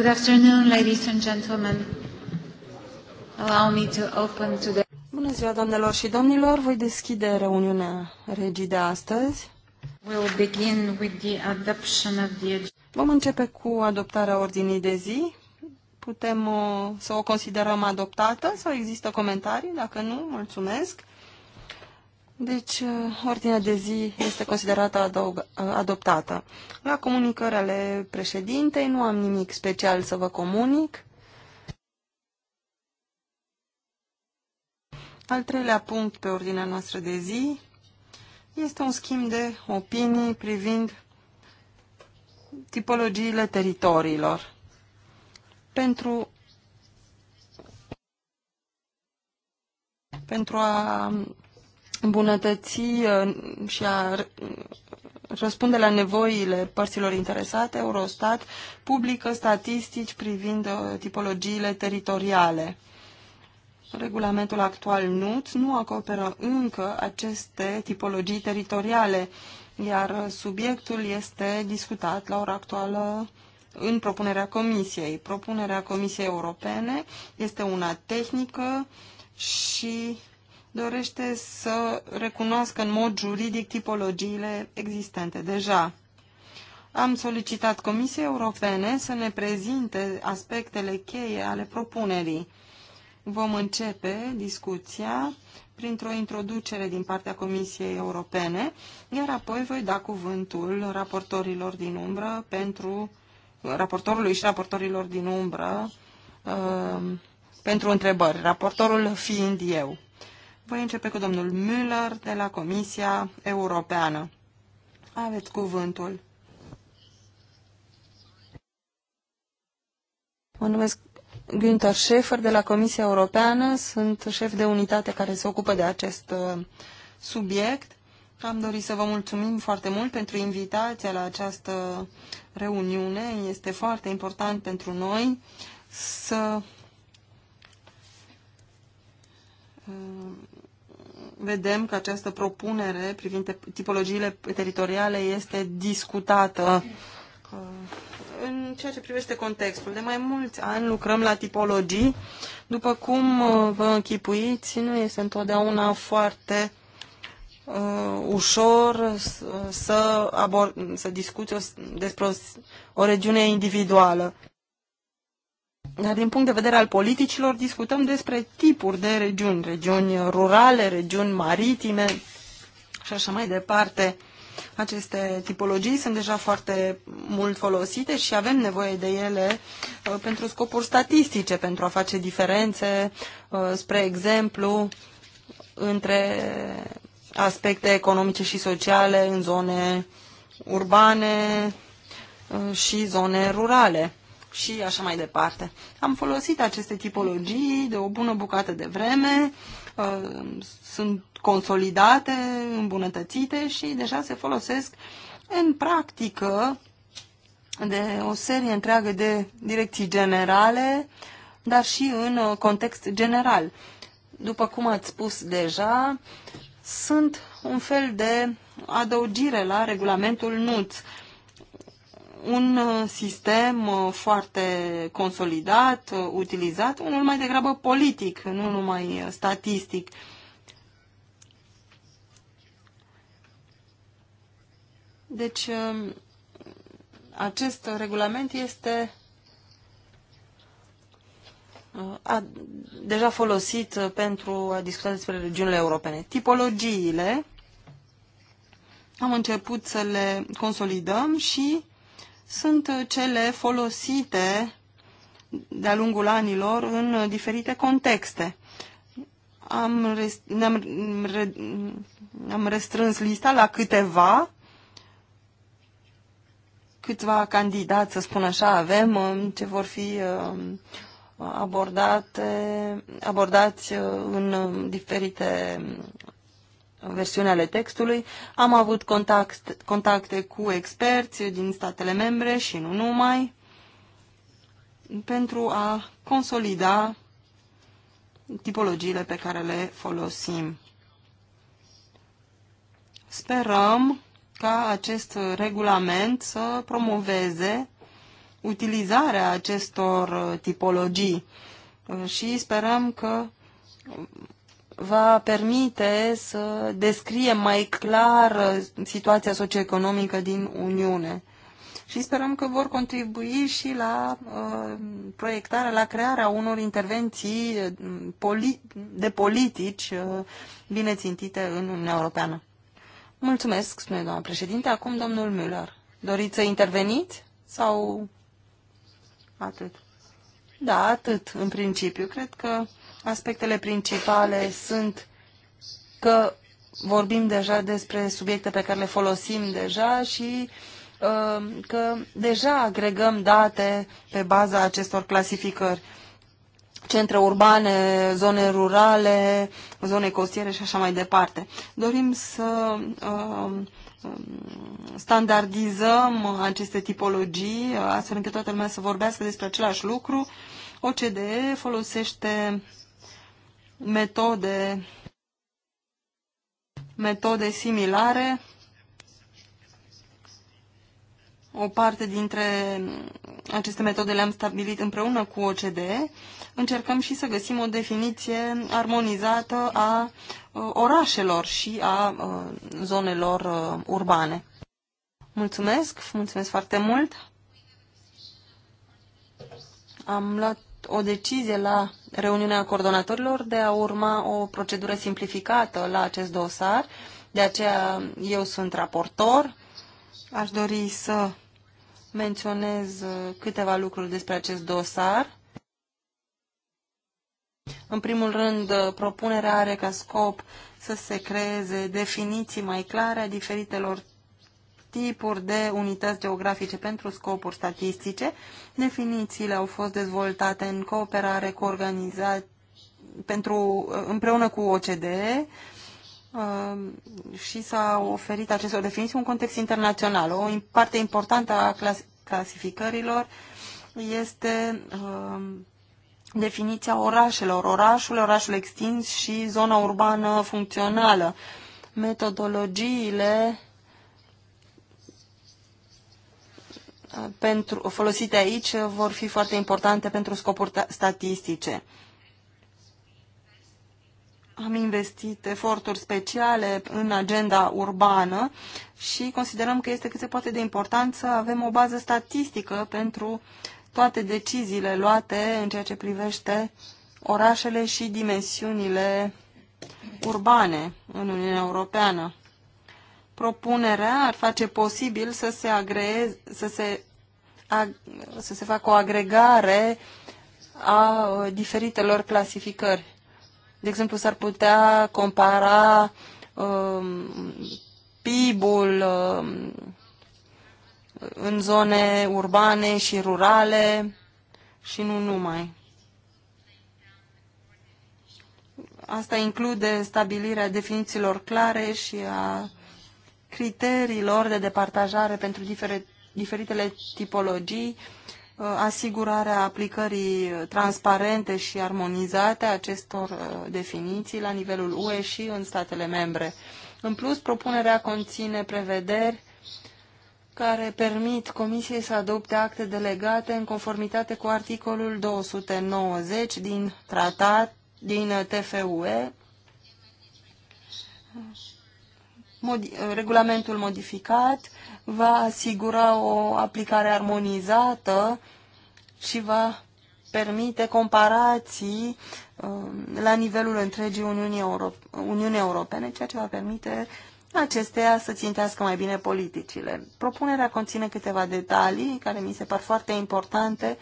Good afternoon, ladies and gentlemen. Allow me to open today. Bună ziua, doamnelor și domnilor. Voi deschide reuniunea regii de astăzi. We'll begin with the adoption of the... Vom începe cu adoptarea ordinii de zi. Putem uh, să o considerăm adoptată sau există comentarii? Dacă nu, mulțumesc. Deci, uh, ordinea de zi este considerată uh, adoptată. La comunicări ale președintei nu am nimic special să vă comunic. Al treilea punct pe ordinea noastră de zi este un schimb de opinii privind tipologiile teritoriilor. Pentru pentru a îmbunătăți uh, și a răspunde la nevoile părților interesate, Eurostat publică statistici privind uh, tipologiile teritoriale. Regulamentul actual NUT nu acoperă încă aceste tipologii teritoriale, iar subiectul este discutat la ora actuală în propunerea Comisiei. Propunerea Comisiei Europene este una tehnică și dorește să recunoască în mod juridic tipologiile existente deja. Am solicitat Comisiei Europene să ne prezinte aspectele cheie ale propunerii. Vom începe discuția printr-o introducere din partea Comisiei Europene, iar apoi voi da cuvântul raportorilor din umbră pentru raportorului și raportorilor din umbră uh, pentru întrebări, raportorul fiind eu. Voi păi începe cu domnul Müller de la Comisia Europeană. Aveți cuvântul. Mă numesc Günther Schäfer de la Comisia Europeană. Sunt șef de unitate care se ocupă de acest uh, subiect. Am dorit să vă mulțumim foarte mult pentru invitația la această reuniune. Este foarte important pentru noi să uh, vedem că această propunere privind tipologiile teritoriale este discutată uh, în ceea ce privește contextul. De mai mulți ani lucrăm la tipologii. După cum uh, vă închipuiți, nu este întotdeauna foarte uh, ușor uh, să, abor- să discuți o, despre o, o regiune individuală. Dar din punct de vedere al politicilor, discutăm despre tipuri de regiuni, regiuni rurale, regiuni maritime și așa mai departe. Aceste tipologii sunt deja foarte mult folosite și avem nevoie de ele uh, pentru scopuri statistice, pentru a face diferențe, uh, spre exemplu, între aspecte economice și sociale în zone urbane uh, și zone rurale și așa mai departe. Am folosit aceste tipologii de o bună bucată de vreme, uh, sunt consolidate, îmbunătățite și deja se folosesc în practică de o serie întreagă de direcții generale, dar și în uh, context general. După cum ați spus deja, sunt un fel de adăugire la regulamentul NUTS un uh, sistem uh, foarte consolidat, uh, utilizat, unul mai degrabă politic, nu numai statistic. Deci, um, acest regulament este a, deja folosit pentru a discuta despre regiunile europene. Tipologiile am început să le consolidăm și sunt cele folosite de-a lungul anilor în diferite contexte. Am, rest, ne-am, re, am restrâns lista la câteva, câțiva candidați, să spun așa, avem, um, ce vor fi um, abordate, abordați uh, în um, diferite versiuni ale textului. Am avut contact, contacte cu experți din statele membre și nu numai pentru a consolida tipologiile pe care le folosim. Sperăm ca acest regulament să promoveze utilizarea acestor tipologii uh, și sperăm că va permite să descrie mai clar uh, situația socioeconomică din Uniune. Și sperăm că vor contribui și la uh, proiectarea, la crearea unor intervenții uh, poli de politici uh, bine țintite în Uniunea Europeană. Mulțumesc, spune doamna președinte. Acum domnul Müller. Doriți să interveniți sau atât? Da, atât, în principiu. Cred că Aspectele principale sunt că vorbim deja despre subiecte pe care le folosim deja și uh, că deja agregăm date pe baza acestor clasificări. Centre urbane, zone rurale, zone costiere și așa mai departe. Dorim să uh, standardizăm aceste tipologii astfel încât toată lumea să vorbească despre același lucru. OCDE folosește metode, metode similare. O parte dintre aceste metode le-am stabilit împreună cu OCDE. Încercăm și să găsim o definiție armonizată a uh, orașelor și a uh, zonelor uh, urbane. Mulțumesc, mulțumesc foarte mult! Am luat o decizie la reuniunea coordonatorilor de a urma o procedură simplificată la acest dosar. De aceea eu sunt raportor. Aș dori să menționez uh, câteva lucruri despre acest dosar. În primul rând, uh, propunerea are ca scop să se creeze definiții mai clare a diferitelor tipuri de unități geografice pentru scopuri statistice. Definițiile au fost dezvoltate în cooperare cu pentru, împreună cu OCDE um, și s-a oferit acestor definiții un context internațional. O parte importantă a clasificărilor este um, definiția orașelor, orașul, orașul extins și zona urbană funcțională. Metodologiile pentru, folosite aici vor fi foarte importante pentru scopuri statistice. Am investit eforturi speciale în agenda urbană și considerăm că este cât se poate de important să avem o bază statistică pentru toate deciziile luate în ceea ce privește orașele și dimensiunile urbane în Uniunea Europeană. Propunerea ar face posibil să se, agreze, să se, ag, să se facă o agregare a uh, diferitelor clasificări. De exemplu, s-ar putea compara um, PIB-ul um, în zone urbane și rurale și nu numai. Asta include stabilirea definițiilor clare și a criteriilor de departajare pentru diferitele tipologii, uh, asigurarea aplicării transparente și armonizate a acestor uh, definiții la nivelul UE și în statele membre. În plus, propunerea conține prevederi care permit Comisiei să adopte acte delegate în conformitate cu articolul 290 din tratat din TFUE Modi regulamentul modificat va asigura o aplicare armonizată și va permite comparații um, la nivelul întregii Uniunii, Euro Uniunii Europene, ceea ce va permite acesteia să țintească mai bine politicile. Propunerea conține câteva detalii care mi se par foarte importante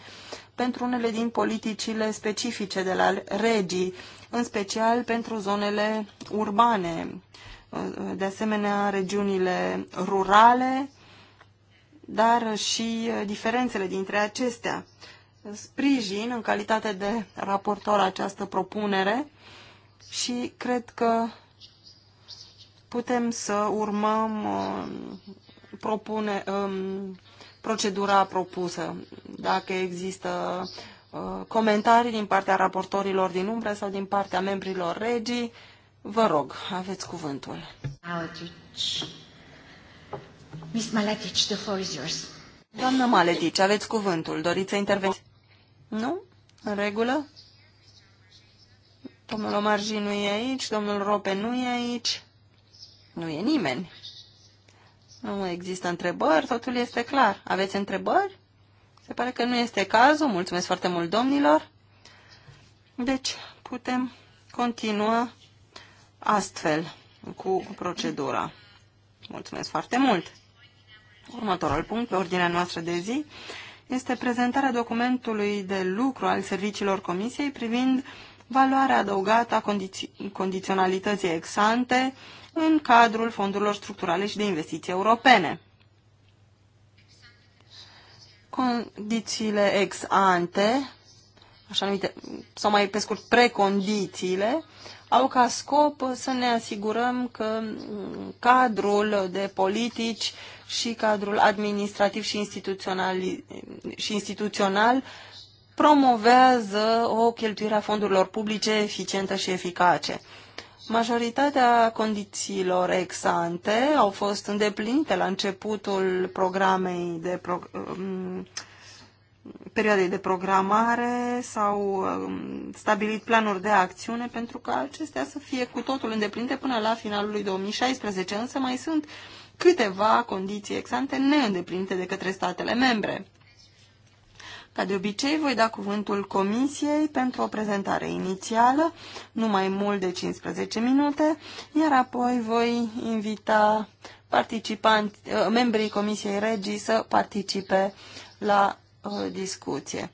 pentru unele din politicile specifice de la regii, în special pentru zonele urbane, de asemenea regiunile rurale, dar și uh, diferențele dintre acestea. Sprijin în calitate de raportor această propunere și cred că putem să urmăm uh, propune, um, procedura propusă. Dacă există uh, comentarii din partea raportorilor din umbră sau din partea membrilor regii, Vă rog, aveți cuvântul. Miss Maletic, the floor is yours. Doamnă aveți cuvântul. Doriți să interveniți? Nu? În regulă? Domnul Omarji nu e aici, domnul Rope nu e aici. Nu e nimeni. Nu există întrebări, totul este clar. Aveți întrebări? Se pare că nu este cazul. Mulțumesc foarte mult, domnilor. Deci, putem continua astfel cu procedura. Mulțumesc foarte mult! Următorul punct pe ordinea noastră de zi este prezentarea documentului de lucru al serviciilor Comisiei privind valoarea adăugată a condiți condiționalității exante în cadrul fondurilor structurale și de investiții europene. Condițiile ex ante, așa numite, sau mai pe scurt precondițiile, au ca scop să ne asigurăm că cadrul de politici și cadrul administrativ și instituțional, și instituțional promovează o cheltuire a fondurilor publice eficientă și eficace. Majoritatea condițiilor exante au fost îndeplinite la începutul programei de pro, perioadei de programare, s-au um, stabilit planuri de acțiune pentru ca acestea să fie cu totul îndeplinite până la finalul lui 2016, însă mai sunt câteva condiții exante neîndeplinite de către statele membre. Ca de obicei, voi da cuvântul Comisiei pentru o prezentare inițială, nu mai mult de 15 minute, iar apoi voi invita participanți, uh, membrii Comisiei Regii să participe la discuție.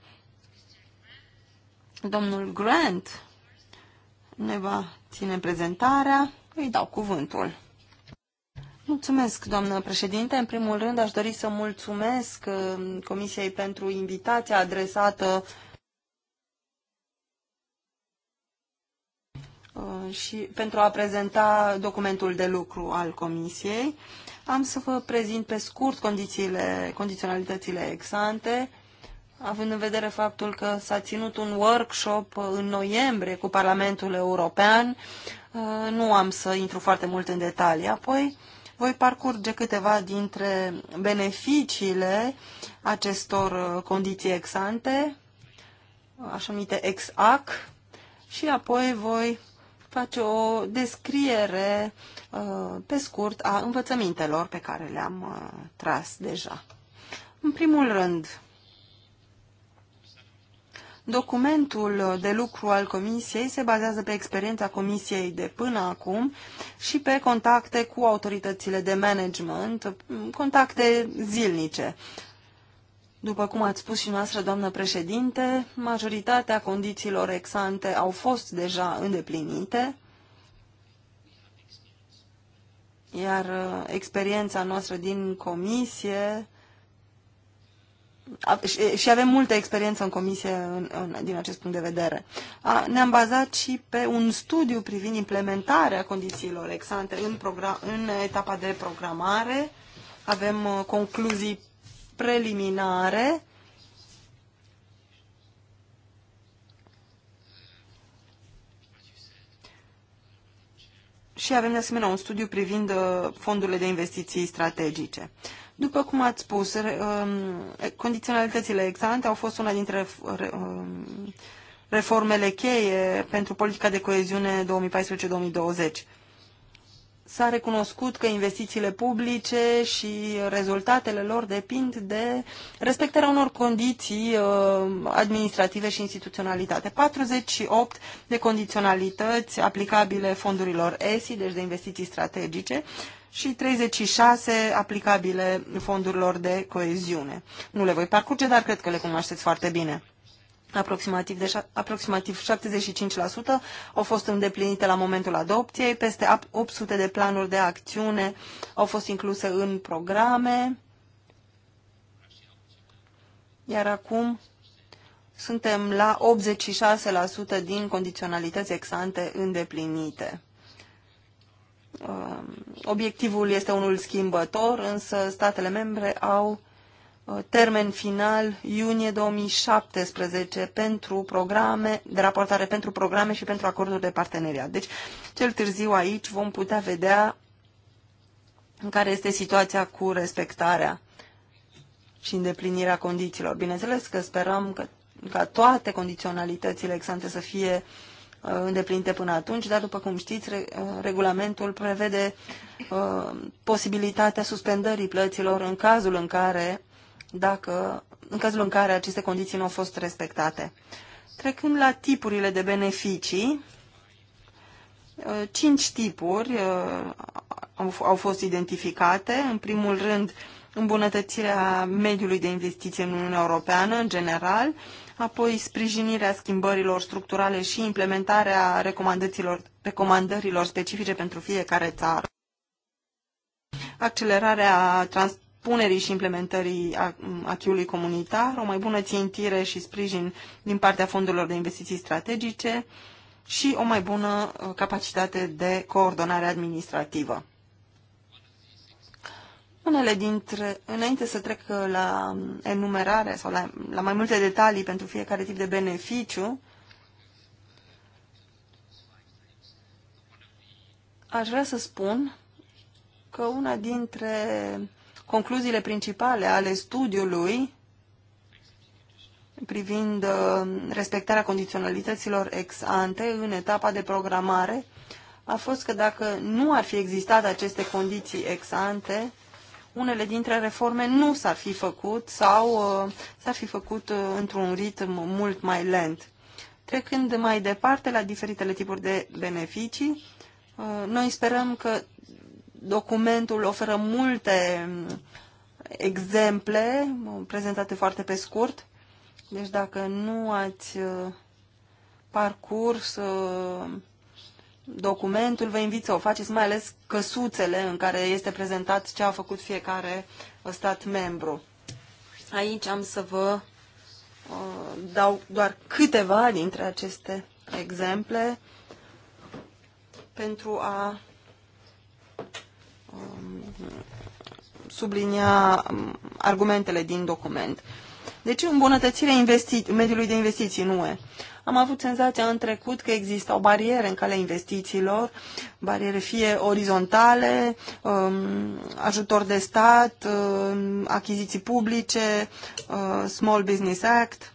Domnul Grant ne va ține prezentarea. Îi dau cuvântul. Mulțumesc, doamnă președinte. În primul rând, aș dori să mulțumesc uh, Comisiei pentru invitația adresată uh, și pentru a prezenta documentul de lucru al Comisiei. Am să vă prezint pe scurt condițiile, condiționalitățile exante având în vedere faptul că s-a ținut un workshop în noiembrie cu Parlamentul European, uh, nu am să intru foarte mult în detalii. Apoi voi parcurge câteva dintre beneficiile acestor uh, condiții exante, așa numite ex-ac, și apoi voi face o descriere uh, pe scurt a învățămintelor pe care le-am tras deja. În primul rând, Documentul de lucru al Comisiei se bazează pe experiența Comisiei de până acum și pe contacte cu autoritățile de management, contacte zilnice. După cum ați spus și noastră, doamnă președinte, majoritatea condițiilor exante au fost deja îndeplinite, iar uh, experiența noastră din comisie și, avem multă experiență în comisie în, în, din acest punct de vedere. Ne-am bazat și pe un studiu privind implementarea condițiilor exante în, program, în etapa de programare. Avem uh, concluzii preliminare. Și avem de asemenea un studiu privind uh, fondurile de investiții strategice. Uh, după cum ați spus, um, condiționalitățile exante au fost una dintre um, reformele cheie pentru politica de coeziune 2014-2020. S-a recunoscut că investițiile publice și rezultatele lor depind de respectarea unor condiții uh, administrative și instituționalitate. 48 de condiționalități aplicabile fondurilor ESI, deci de investiții strategice, și 36 aplicabile fondurilor de coeziune. Nu le voi parcurge, dar cred că le cunoașteți foarte bine. Aproximativ, de, aproximativ 75% au fost îndeplinite la momentul adopției, peste 800 de planuri de acțiune au fost incluse în programe, iar acum suntem la 86% din condiționalități exante îndeplinite. Um, obiectivul este unul schimbător, însă statele membre au uh, termen final iunie 2017 pentru programe de raportare pentru programe și pentru acorduri de parteneriat. Deci, cel târziu aici vom putea vedea în care este situația cu respectarea și îndeplinirea condițiilor. Bineînțeles că sperăm că, ca toate condiționalitățile exante să fie uh, Uh, îndeplinite până atunci, dar după cum știți, uh, regulamentul prevede uh, posibilitatea suspendării plăților în cazul în care dacă în cazul în care aceste condiții nu au fost respectate. Trecând la tipurile de beneficii, cinci tipuri au fost identificate. În primul rând, îmbunătățirea mediului de investiție în Uniunea Europeană, în general, apoi sprijinirea schimbărilor structurale și implementarea recomandărilor, recomandărilor specifice pentru fiecare țară, accelerarea trans punerii și implementării achiului comunitar, o mai bună țintire și sprijin din partea fondurilor de investiții strategice și o mai bună uh, capacitate de coordonare administrativă. Unele dintre, înainte să trec la enumerare sau la, la mai multe detalii pentru fiecare tip de beneficiu, aș vrea să spun că una dintre concluziile principale ale studiului privind uh, respectarea condiționalităților ex ante în etapa de programare a fost că dacă nu ar fi existat aceste condiții ex ante, unele dintre reforme nu s-ar fi făcut sau uh, s-ar fi făcut uh, într-un ritm mult mai lent. Trecând mai departe la diferitele tipuri de beneficii, uh, noi sperăm că documentul oferă multe mm, exemple prezentate foarte pe scurt. Deci dacă nu ați parcurs documentul, vă invit să o faceți, mai ales căsuțele în care este prezentat ce a făcut fiecare uh, stat membru. Aici am să vă uh, dau doar câteva dintre aceste exemple pentru a um, sublinia um, argumentele din document. Deci îmbunătățirea mediului de investiții în UE. Am avut senzația în trecut că există o barieră în calea investițiilor, bariere fie orizontale, um, ajutor de stat, um, achiziții publice, uh, Small Business Act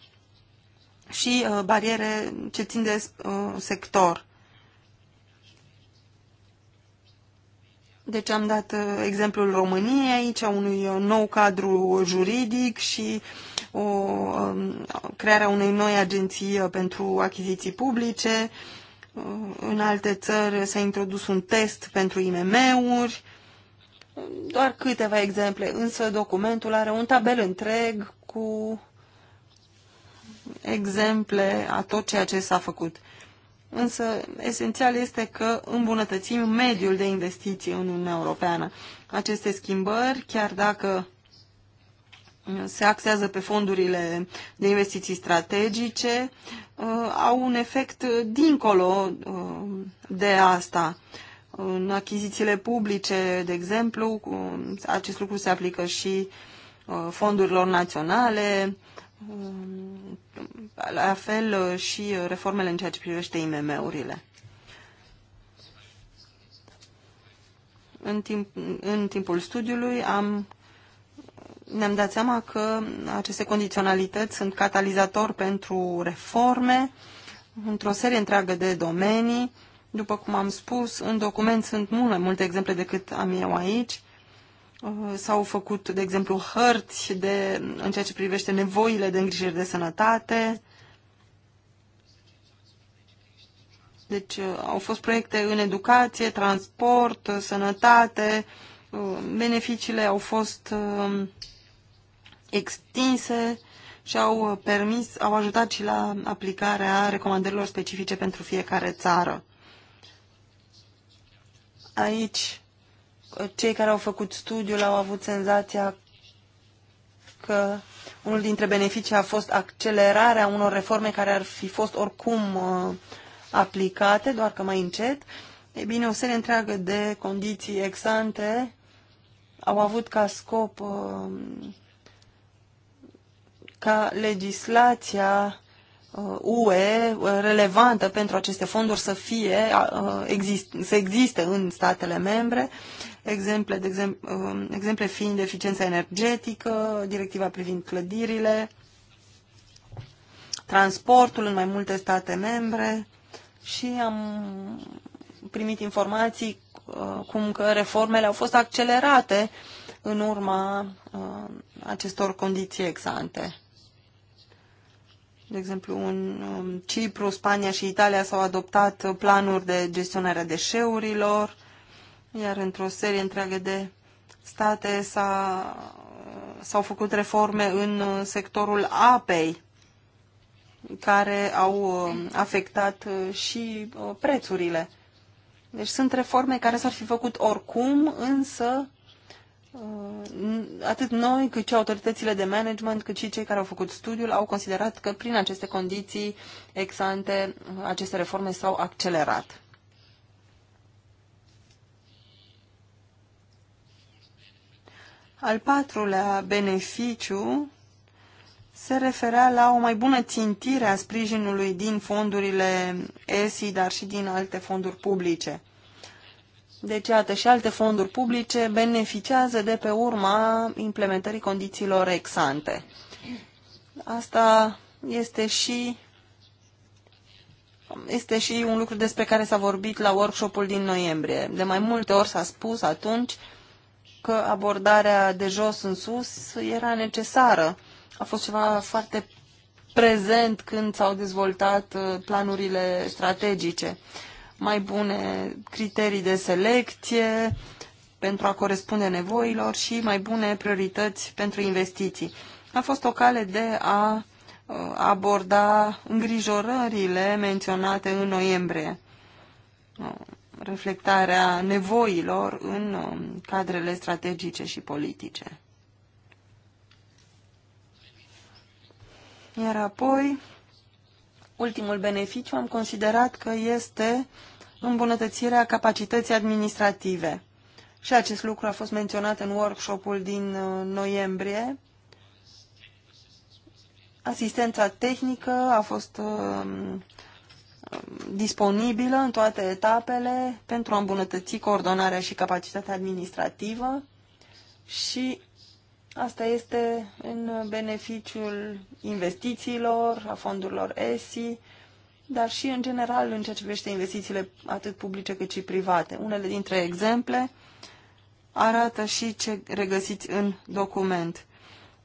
și uh, bariere ce țin de uh, sector. Deci am dat uh, exemplul României aici, unui uh, nou cadru juridic și o, um, crearea unei noi agenții uh, pentru achiziții publice. În alte țări s-a introdus un test pentru IMM-uri. Doar câteva exemple, însă documentul are un tabel întreg cu exemple a tot ceea ce s-a făcut însă esențial este că îmbunătățim mediul de investiții în Uniunea Europeană. Aceste schimbări, chiar dacă se axează pe fondurile de investiții strategice, uh, au un efect dincolo uh, de asta. În achizițiile publice, de exemplu, acest lucru se aplică și uh, fondurilor naționale, Um, la fel și reformele în ceea ce privește IMM-urile. În, timp, în timpul studiului am, ne-am dat seama că aceste condiționalități sunt catalizator pentru reforme într-o serie întreagă de domenii. După cum am spus, în document sunt mult mai multe exemple decât am eu aici Uh, s-au făcut, de exemplu, hărți de, în ceea ce privește nevoile de îngrijire de sănătate. Deci uh, au fost proiecte în educație, transport, uh, sănătate. Beneficiile au fost extinse și au permis, au ajutat și la aplicarea recomandărilor specifice pentru fiecare țară. Aici cei care au făcut studiul au avut senzația că unul dintre beneficii a fost accelerarea unor reforme care ar fi fost oricum uh, aplicate, doar că mai încet. E bine, o serie întreagă de condiții exante au avut ca scop uh, ca legislația UE uh, uh, relevantă pentru aceste fonduri să fie, uh, exist, să existe în statele membre, exemple, de exemple um, exemple fiind eficiența energetică, directiva privind clădirile, transportul în mai multe state membre și am primit informații cum că reformele au fost accelerate în urma acestor condiții exante. De exemplu, în um, Cipru, Spania și Italia s-au adoptat planuri de gestionare a deșeurilor, iar într-o serie întreagă de state s-au făcut reforme în uh, sectorul apei, care au um, afectat uh, și uh, prețurile. Deci sunt reforme care s-ar fi făcut oricum, însă Uh, atât noi, cât și autoritățile de management, cât și cei care au făcut studiul, au considerat că prin aceste condiții exante uh, aceste reforme s-au accelerat. Al patrulea beneficiu se referea la o mai bună țintire a sprijinului din fondurile ESI, dar și din alte fonduri publice. Deci, iată, și alte fonduri publice beneficiază de pe urma implementării condițiilor exante. Asta este și este și un lucru despre care s-a vorbit la workshopul din noiembrie. De mai multe ori s-a spus atunci că abordarea de jos în sus era necesară. A fost ceva foarte prezent când s-au dezvoltat uh, planurile strategice mai bune criterii de selecție pentru a corespunde nevoilor și mai bune priorități pentru investiții. A fost o cale de a uh, aborda îngrijorările menționate în noiembrie, uh, reflectarea nevoilor în uh, cadrele strategice și politice. Iar apoi, ultimul beneficiu am considerat că este uh, îmbunătățirea capacității administrative. Și acest lucru a fost menționat în workshopul din uh, noiembrie. Asistența tehnică a fost uh, disponibilă în toate etapele pentru a îmbunătăți coordonarea și capacitatea administrativă și asta este în beneficiul investițiilor, a fondurilor ESI, dar și în general în ceea ce privește investițiile atât publice cât și private. Unele dintre exemple arată și ce regăsiți în document.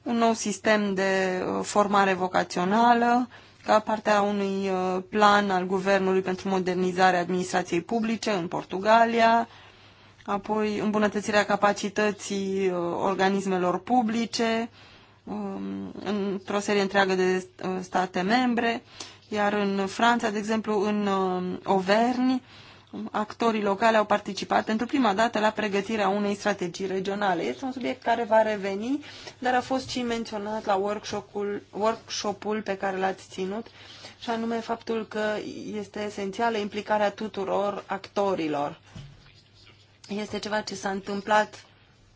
Un nou sistem de uh, formare vocațională, ca parte a unui uh, plan al Guvernului pentru modernizarea administrației publice în Portugalia, apoi îmbunătățirea capacității uh, organismelor publice um, într-o serie întreagă de state membre iar în Franța, de exemplu, în uh, Auvergne, actorii locali au participat pentru prima dată la pregătirea unei strategii regionale. Este un subiect care va reveni, dar a fost și menționat la workshop-ul, workshop-ul pe care l-ați ținut, și anume faptul că este esențială implicarea tuturor actorilor. Este ceva ce s-a întâmplat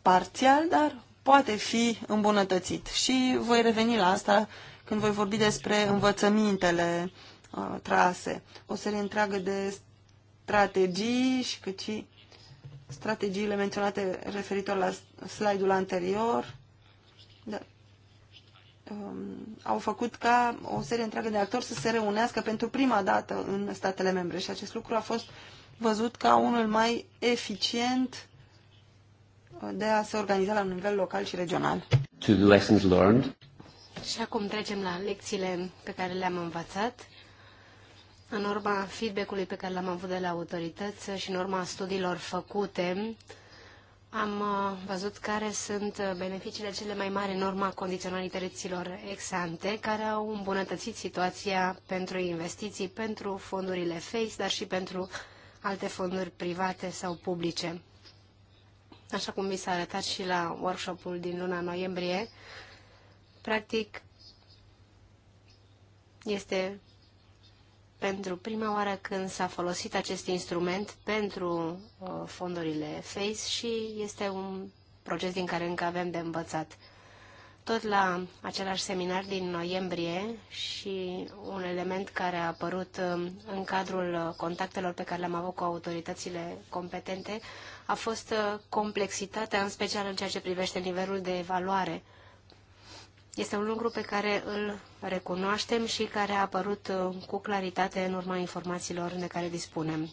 parțial, dar poate fi îmbunătățit. Și voi reveni la asta când voi vorbi despre învățămintele uh, trase. O serie întreagă de strategii și cât și strategiile menționate referitor la slide-ul anterior da, um, au făcut ca o serie întreagă de actori să se reunească pentru prima dată în statele membre și acest lucru a fost văzut ca unul mai eficient uh, de a se organiza la un nivel local și regional. To the lessons learned. Și acum trecem la lecțiile pe care le-am învățat. În urma feedback-ului pe care l-am avut de la autorități și în urma studiilor făcute, am uh, văzut care sunt uh, beneficiile cele mai mari în urma condiționalităților ex-ante, care au îmbunătățit situația pentru investiții, pentru fondurile FACE, dar și pentru alte fonduri private sau publice. Așa cum mi s-a arătat și la workshopul din luna noiembrie, Practic, este pentru prima oară când s-a folosit acest instrument pentru uh, fondurile FACE și este un proces din care încă avem de învățat. Tot la același seminar din noiembrie și un element care a apărut um, în cadrul uh, contactelor pe care le-am avut cu autoritățile competente a fost uh, complexitatea, în special în ceea ce privește nivelul de evaluare este un lucru pe care îl recunoaștem și care a apărut uh, cu claritate în urma informațiilor de care dispunem.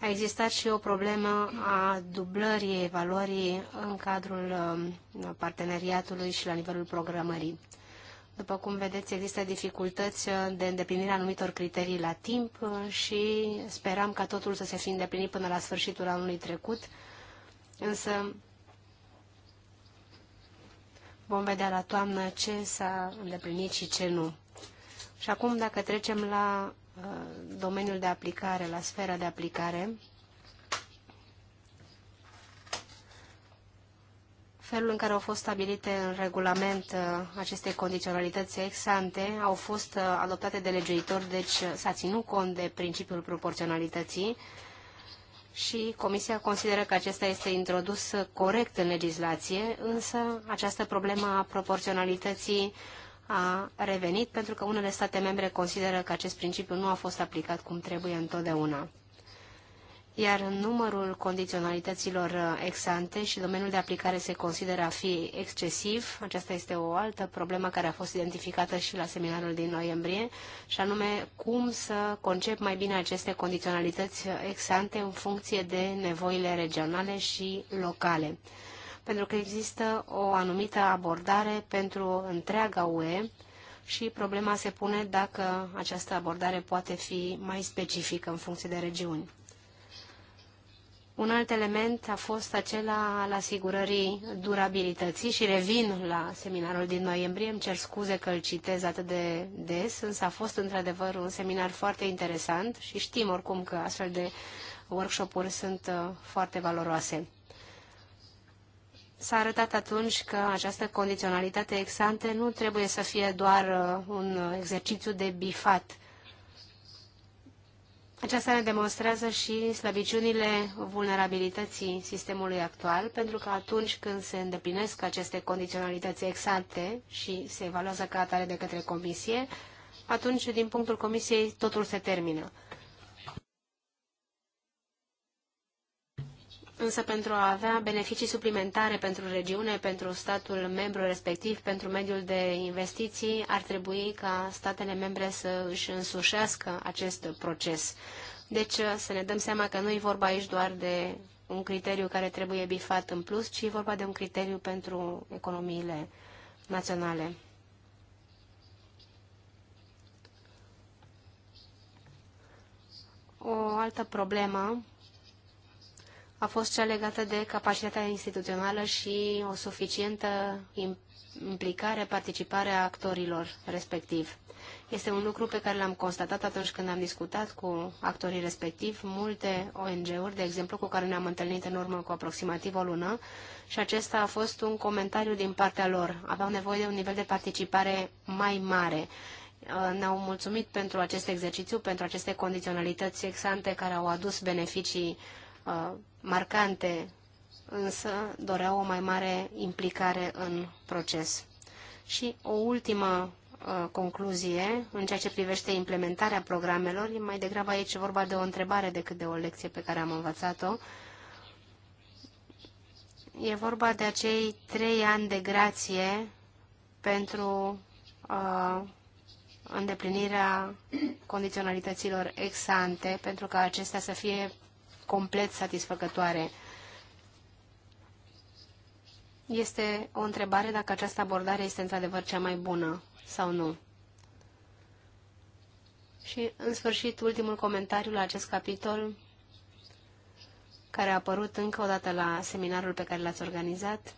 A existat și o problemă a dublării evaluării în cadrul uh, parteneriatului și la nivelul programării. După cum vedeți, există dificultăți uh, de îndeplinire anumitor criterii la timp și speram ca totul să se fi îndeplinit până la sfârșitul anului trecut, însă Vom vedea la toamnă ce s-a îndeplinit și ce nu. Și acum, dacă trecem la uh, domeniul de aplicare, la sfera de aplicare, felul în care au fost stabilite în regulament uh, aceste condiționalități ex-ante au fost uh, adoptate de legiuitori, deci s-a ținut cont de principiul proporționalității și Comisia consideră că acesta este introdus corect în legislație, însă această problemă a proporționalității a revenit pentru că unele state membre consideră că acest principiu nu a fost aplicat cum trebuie întotdeauna iar numărul condiționalităților uh, exante și domeniul de aplicare se consideră a fi excesiv. Aceasta este o altă problemă care a fost identificată și la seminarul din noiembrie, și anume cum să concep mai bine aceste condiționalități uh, exante în funcție de nevoile regionale și locale. Pentru că există o anumită abordare pentru întreaga UE și problema se pune dacă această abordare poate fi mai specifică în funcție de regiuni. Un alt element a fost acela al asigurării durabilității și revin la seminarul din noiembrie. Îmi cer scuze că îl citez atât de des, însă a fost într-adevăr un seminar foarte interesant și știm oricum că astfel de workshop-uri sunt uh, foarte valoroase. S-a arătat atunci că această condiționalitate ex nu trebuie să fie doar uh, un uh, exercițiu de bifat, aceasta ne demonstrează și slăbiciunile vulnerabilității sistemului actual, pentru că atunci când se îndeplinesc aceste condiționalități exacte și se evaluează ca atare de către comisie, atunci, din punctul comisiei, totul se termină. însă pentru a avea beneficii suplimentare pentru regiune, pentru statul membru respectiv, pentru mediul de investiții, ar trebui ca statele membre să își însușească acest proces. Deci să ne dăm seama că nu e vorba aici doar de un criteriu care trebuie bifat în plus, ci e vorba de un criteriu pentru economiile naționale. O altă problemă a fost cea legată de capacitatea instituțională și o suficientă implicare, participare a actorilor respectiv. Este un lucru pe care l-am constatat atunci când am discutat cu actorii respectivi, multe ONG-uri, de exemplu, cu care ne-am întâlnit în urmă cu aproximativ o lună, și acesta a fost un comentariu din partea lor. Aveau nevoie de un nivel de participare mai mare. Uh, ne-au mulțumit pentru acest exercițiu, pentru aceste condiționalități exante care au adus beneficii uh, Uh, marcante, însă doreau o mai mare implicare în proces. Și o ultimă uh, concluzie în ceea ce privește implementarea programelor, e mai degrabă aici vorba de o întrebare decât de o lecție pe care am învățat-o. E vorba de acei trei ani de grație pentru uh, îndeplinirea condiționalităților ex ante, pentru ca acestea să fie complet satisfăcătoare. Este o întrebare dacă această abordare este într-adevăr cea mai bună sau nu. Și, în sfârșit, ultimul comentariu la acest capitol, care a apărut încă o dată la seminarul pe care l-ați organizat,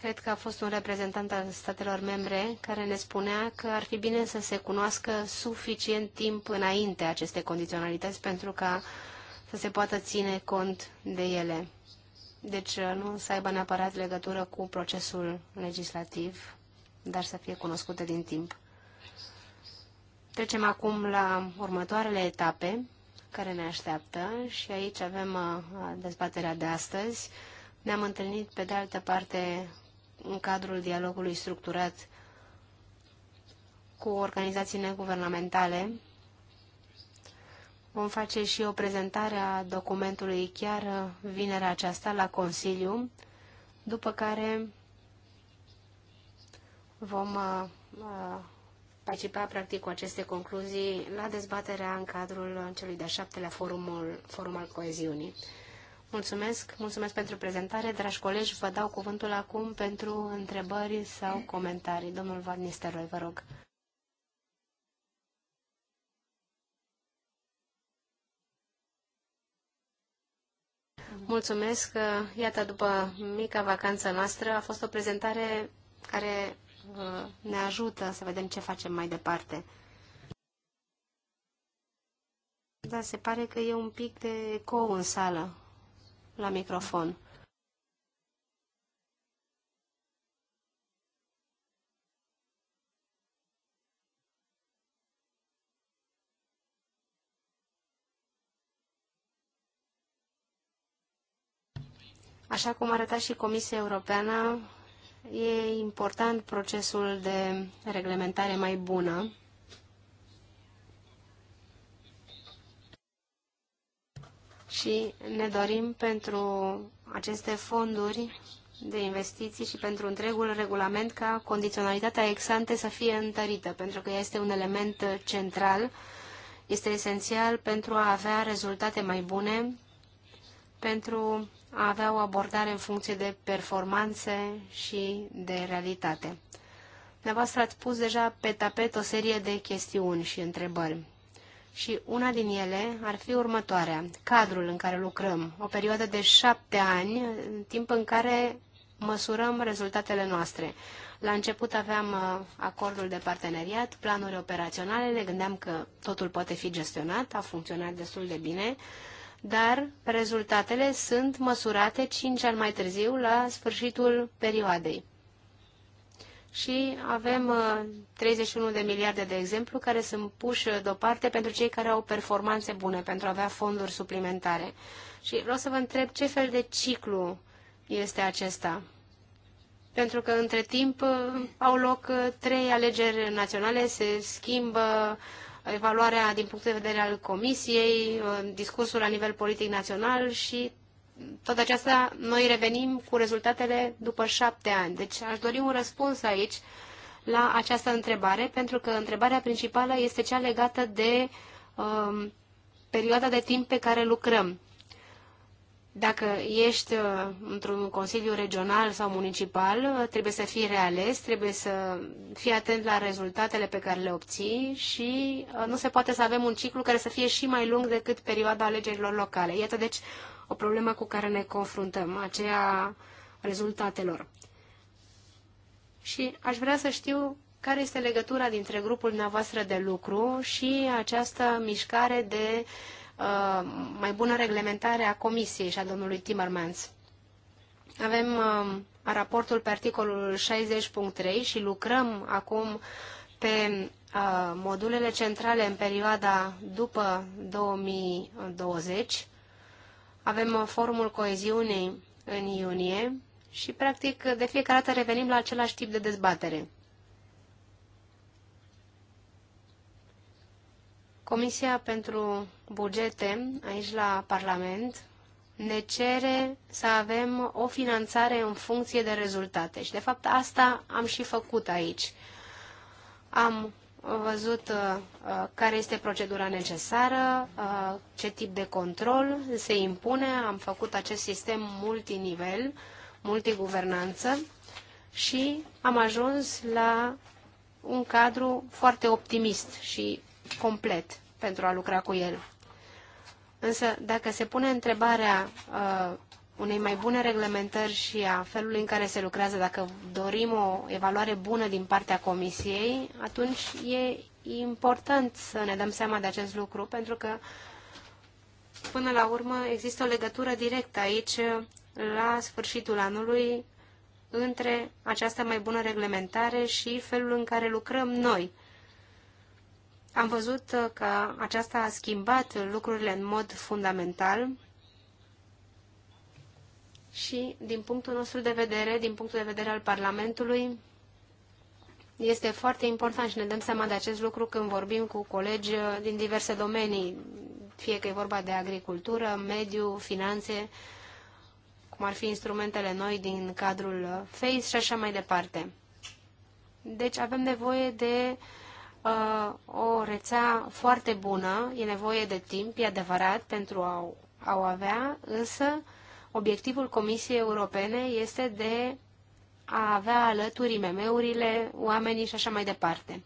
Cred că a fost un reprezentant al statelor membre care ne spunea că ar fi bine să se cunoască suficient timp înainte aceste condiționalități pentru ca să se poată ține cont de ele. Deci uh, nu să aibă neapărat legătură cu procesul legislativ, dar să fie cunoscute din timp. Trecem acum la următoarele etape care ne așteaptă și aici avem uh, dezbaterea de astăzi. Ne-am întâlnit pe de altă parte în cadrul dialogului structurat cu organizații neguvernamentale. Vom face și o prezentare a documentului chiar vinerea aceasta la Consiliu, după care vom uh, uh, participa practic cu aceste concluzii la dezbaterea în cadrul celui de-a șaptelea forum al coeziunii. Mulțumesc, mulțumesc pentru prezentare. Dragi colegi, vă dau cuvântul acum pentru întrebări sau comentarii. Domnul Van Nistelrooy, vă rog. Mulțumesc. Iată, după mica vacanță noastră, a fost o prezentare care uh, ne ajută să vedem ce facem mai departe. Da, se pare că e un pic de eco în sală la microfon. Așa cum arăta și Comisia Europeană, e important procesul de reglementare mai bună și ne dorim pentru aceste fonduri de investiții și pentru întregul regulament ca condiționalitatea exante să fie întărită, pentru că este un element central, este esențial pentru a avea rezultate mai bune, pentru a avea o abordare în funcție de performanțe și de realitate. Dumneavoastră ați pus deja pe tapet o serie de chestiuni și întrebări și una din ele ar fi următoarea. Cadrul în care lucrăm, o perioadă de șapte ani, timp în care măsurăm rezultatele noastre. La început aveam uh, acordul de parteneriat, planuri operaționale, ne gândeam că totul poate fi gestionat, a funcționat destul de bine, dar rezultatele sunt măsurate cinci ani mai târziu, la sfârșitul perioadei și avem 31 uh, de miliarde de exemplu care sunt puși deoparte pentru cei care au performanțe bune, pentru a avea fonduri suplimentare. Și vreau să vă întreb ce fel de ciclu este acesta. Pentru că între timp uh, au loc uh, trei alegeri naționale, se schimbă evaluarea din punct de vedere al comisiei, discursul la nivel politic național și tot aceasta, noi revenim cu rezultatele după șapte ani. Deci aș dori un răspuns aici la această întrebare, pentru că întrebarea principală este cea legată de um, perioada de timp pe care lucrăm. Dacă ești uh, într-un consiliu regional sau municipal, uh, trebuie să fii reales, trebuie să fii atent la rezultatele pe care le obții și uh, nu se poate să avem un ciclu care să fie și mai lung decât perioada alegerilor locale. Iată, deci, o problemă cu care ne confruntăm, aceea rezultatelor. Și aș vrea să știu care este legătura dintre grupul dumneavoastră de lucru și această mișcare de uh, mai bună reglementare a Comisiei și a domnului Timmermans. Avem uh, raportul pe articolul 60.3 și lucrăm acum pe uh, modulele centrale în perioada după 2020 avem uh, forumul coeziunii în iunie și, practic, de fiecare dată revenim la același tip de dezbatere. Comisia pentru bugete aici la Parlament ne cere să avem o finanțare în funcție de rezultate. Și, de fapt, asta am și făcut aici. Am văzut uh, uh, care este procedura necesară, uh, ce tip de control se impune. Am făcut acest sistem multinivel, multiguvernanță și am ajuns la un cadru foarte optimist și complet pentru a lucra cu el. Însă, dacă se pune întrebarea unei mai bune reglementări și a felului în care se lucrează, dacă dorim o evaluare bună din partea Comisiei, atunci e important să ne dăm seama de acest lucru, pentru că, până la urmă, există o legătură directă aici, la sfârșitul anului, între această mai bună reglementare și felul în care lucrăm noi. Am văzut că aceasta a schimbat lucrurile în mod fundamental și, din punctul nostru de vedere, din punctul de vedere al Parlamentului, este foarte important și ne dăm seama de acest lucru când vorbim cu colegi uh, din diverse domenii, fie că e vorba de agricultură, mediu, finanțe, cum ar fi instrumentele noi din cadrul uh, FACE și așa mai departe. Deci avem nevoie de uh, o rețea foarte bună, e nevoie de timp, e adevărat, pentru a, a o avea, însă obiectivul Comisiei Europene este de a avea alături IMM-urile, oamenii și așa mai departe.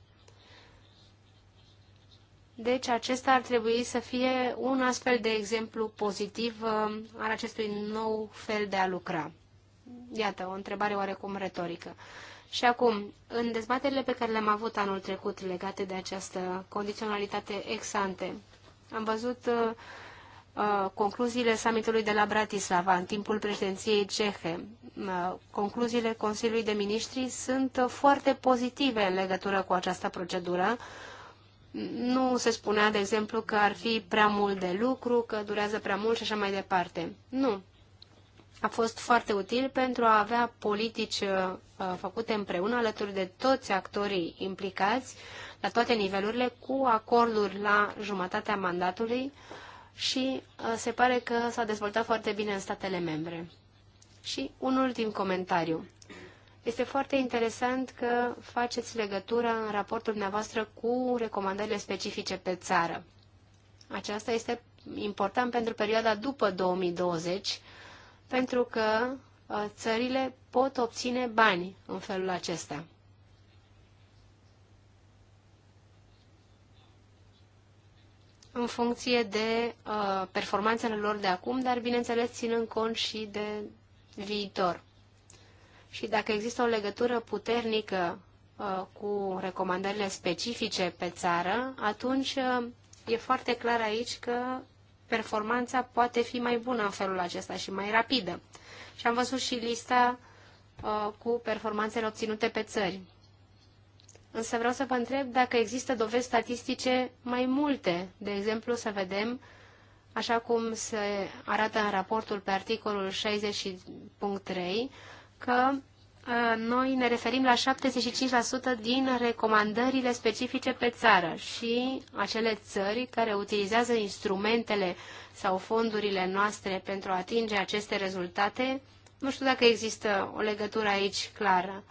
Deci acesta ar trebui să fie un astfel de exemplu pozitiv uh, al acestui nou fel de a lucra. Iată, o întrebare oarecum retorică. Și acum, în dezbaterile pe care le-am avut anul trecut legate de această condiționalitate ex ante, am văzut uh, Uh, concluziile summitului de la Bratislava în timpul președinției cehe, uh, concluziile Consiliului de Ministri sunt uh, foarte pozitive în legătură cu această procedură. Nu se spunea, de exemplu, că ar fi prea mult de lucru, că durează prea mult și așa mai departe. Nu. A fost foarte util pentru a avea politici făcute împreună alături de toți actorii implicați la toate nivelurile cu acorduri la jumătatea mandatului și uh, se pare că s-a dezvoltat foarte bine în statele membre. Și un ultim comentariu. Este foarte interesant că faceți legătura în raportul dumneavoastră cu recomandările specifice pe țară. Aceasta este important pentru perioada după 2020, pentru că uh, țările pot obține bani în felul acesta. în funcție de uh, performanțele lor de acum, dar bineînțeles ținând cont și de viitor. Și dacă există o legătură puternică uh, cu recomandările specifice pe țară, atunci uh, e foarte clar aici că performanța poate fi mai bună în felul acesta și mai rapidă. Și am văzut și lista uh, cu performanțele obținute pe țări. Însă vreau să vă întreb dacă există dovezi statistice mai multe. De exemplu, să vedem, așa cum se arată în raportul pe articolul 60.3, că noi ne referim la 75% din recomandările specifice pe țară și acele țări care utilizează instrumentele sau fondurile noastre pentru a atinge aceste rezultate, nu știu dacă există o legătură aici clară.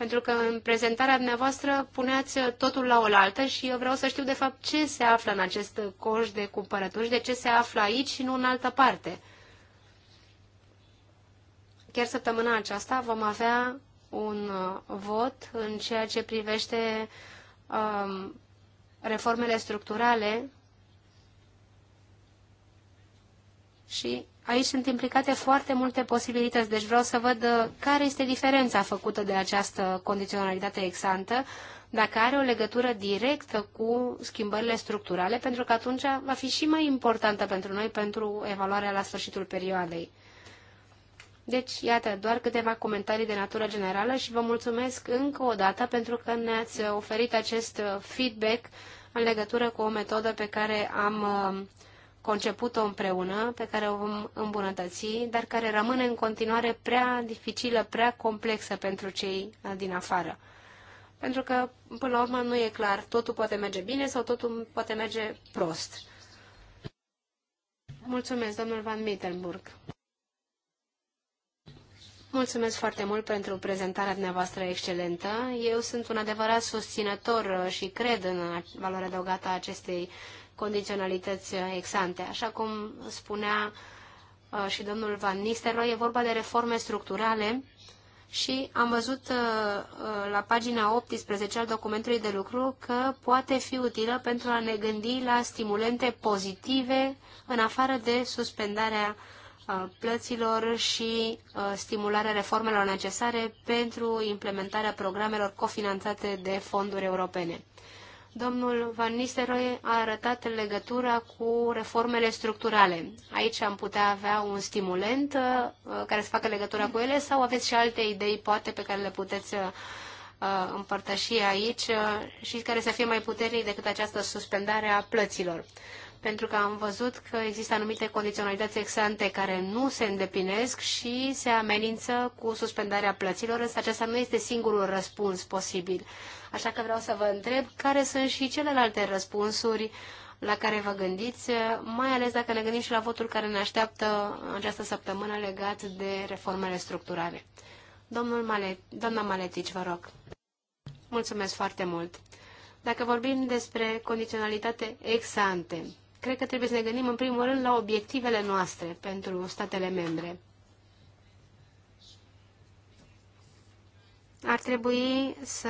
Pentru că în prezentarea dumneavoastră puneați totul la oaltă și eu vreau să știu de fapt ce se află în acest coș de cumpărături, de ce se află aici și nu în altă parte. Chiar săptămâna aceasta vom avea un uh, vot în ceea ce privește um, reformele structurale și Aici sunt implicate foarte multe posibilități, deci vreau să văd uh, care este diferența făcută de această condiționalitate exantă, dacă are o legătură directă cu schimbările structurale, pentru că atunci va fi și mai importantă pentru noi pentru evaluarea la sfârșitul perioadei. Deci, iată, doar câteva comentarii de natură generală și vă mulțumesc încă o dată pentru că ne-ați oferit acest uh, feedback în legătură cu o metodă pe care am uh, conceput-o împreună, pe care o vom îmbunătăți, dar care rămâne în continuare prea dificilă, prea complexă pentru cei uh, din afară. Pentru că, până la urmă, nu e clar, totul poate merge bine sau totul poate merge prost. Mulțumesc, domnul Van Mittelburg. Mulțumesc foarte mult pentru prezentarea dumneavoastră excelentă. Eu sunt un adevărat susținător uh, și cred în uh, valoarea adăugată a acestei condiționalități exante. Așa cum spunea uh, și domnul Van Nistelrooy, e vorba de reforme structurale și am văzut uh, uh, la pagina 18 al documentului de lucru că poate fi utilă pentru a ne gândi la stimulente pozitive în afară de suspendarea plăților și stimularea reformelor necesare pentru implementarea programelor cofinanțate de fonduri europene. Domnul Van Nistelrooy a arătat legătura cu reformele structurale. Aici am putea avea un stimulent uh, care să facă legătura cu ele sau aveți și alte idei, poate, pe care le puteți uh, împărtăși aici uh, și care să fie mai puternic decât această suspendare a plăților pentru că am văzut că există anumite condiționalități exante care nu se îndeplinesc și se amenință cu suspendarea plăților, însă acesta nu este singurul răspuns posibil. Așa că vreau să vă întreb care sunt și celelalte răspunsuri la care vă gândiți, mai ales dacă ne gândim și la votul care ne așteaptă această săptămână legat de reformele structurale. Domnul Male, doamna Maletici, vă rog. Mulțumesc foarte mult. Dacă vorbim despre condiționalitate ex ante, cred că trebuie să ne gândim în primul rând la obiectivele noastre pentru statele membre. Ar trebui să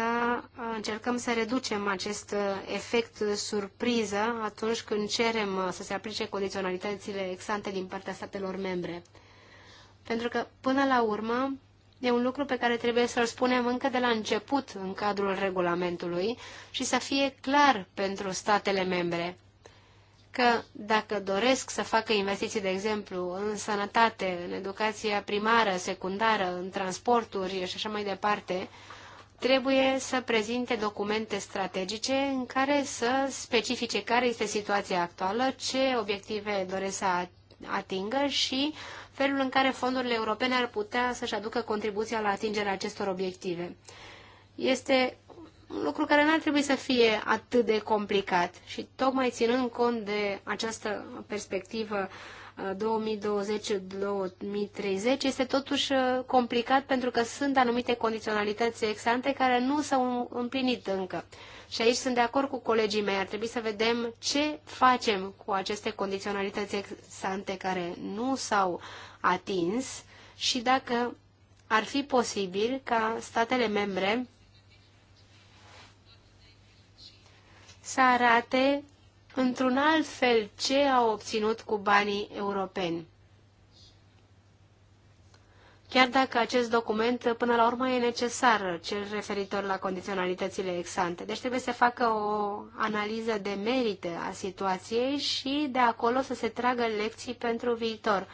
încercăm să reducem acest efect surpriză atunci când cerem să se aplice condiționalitățile exante din partea statelor membre. Pentru că, până la urmă, E un lucru pe care trebuie să-l spunem încă de la început în cadrul regulamentului și să fie clar pentru statele membre că dacă doresc să facă investiții, de exemplu, în sănătate, în educația primară, secundară, în transporturi și așa mai departe, trebuie să prezinte documente strategice în care să specifice care este situația actuală, ce obiective doresc să atingă și felul în care fondurile europene ar putea să-și aducă contribuția la atingerea acestor obiective. Este un lucru care n-ar trebui să fie atât de complicat. Și tocmai ținând cont de această perspectivă 2020-2030 uh, este totuși uh, complicat pentru că sunt anumite condiționalități exante care nu s-au împlinit încă. Și aici sunt de acord cu colegii mei, ar trebui să vedem ce facem cu aceste condiționalități exante care nu s-au atins și dacă ar fi posibil ca statele membre să arate într-un alt fel ce au obținut cu banii europeni. Chiar dacă acest document până la urmă e necesar, cel referitor la condiționalitățile exante. Deci trebuie să facă o analiză de merite a situației și de acolo să se tragă lecții pentru viitor,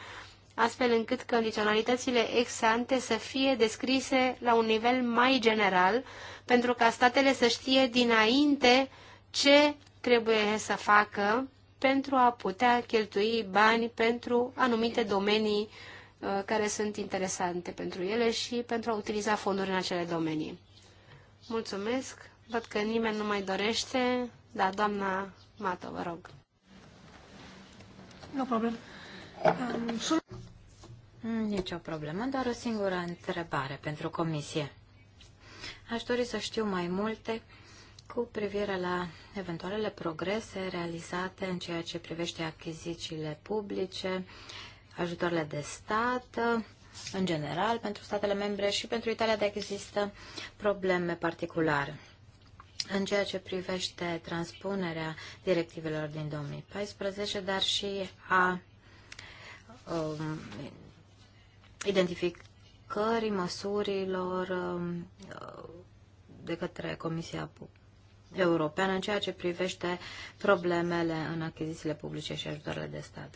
astfel încât condiționalitățile exante să fie descrise la un nivel mai general, pentru ca statele să știe dinainte uh, ce trebuie să facă pentru a putea cheltui bani pentru anumite domenii uh, care sunt interesante pentru ele și pentru a utiliza fonduri în acele domenii. Mulțumesc. Văd că nimeni nu mai dorește. Da, doamna Mato, vă rog. Nu no problem. Um, Nici o problemă, doar o singură întrebare pentru comisie. Aș dori să știu mai multe cu privire la eventualele progrese realizate în ceea ce privește achizițiile publice, ajutoarele de stat, în general, pentru statele membre și pentru Italia, dacă există probleme particulare. În ceea ce privește transpunerea directivelor din 2014, dar și a um, identificării măsurilor um, de către Comisia Publică europeană în ceea ce privește problemele în achizițiile publice și ajutoarele de stat.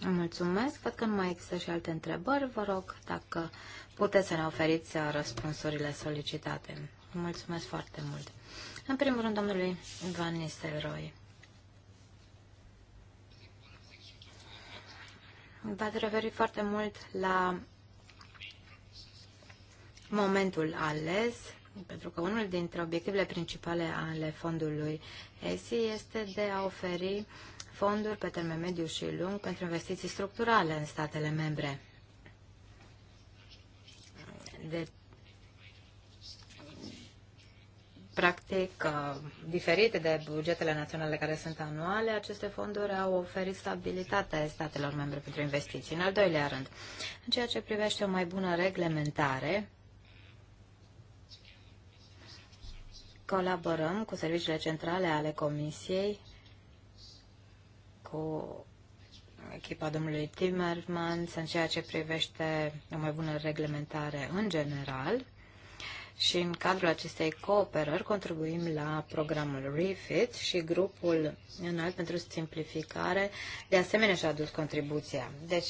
Mulțumesc. Văd că nu mai există și alte întrebări. Vă rog dacă puteți să ne oferiți uh, răspunsurile solicitate. Mulțumesc foarte mult. În primul rând, domnului Van Nistelrooy. V-ați referit foarte mult la momentul ales pentru că unul dintre obiectivele principale ale fondului ESI este de a oferi fonduri pe termen mediu și lung pentru investiții structurale în statele membre. De practic uh, diferite de bugetele naționale care sunt anuale, aceste fonduri au oferit stabilitate statelor membre pentru investiții. În al doilea rând, în ceea ce privește o mai bună reglementare, Colaborăm cu serviciile centrale ale Comisiei, cu echipa domnului Timmermans în ceea ce privește o mai bună reglementare în general și în cadrul acestei cooperări contribuim la programul REFIT și grupul înalt pentru simplificare de asemenea și-a adus contribuția. Deci,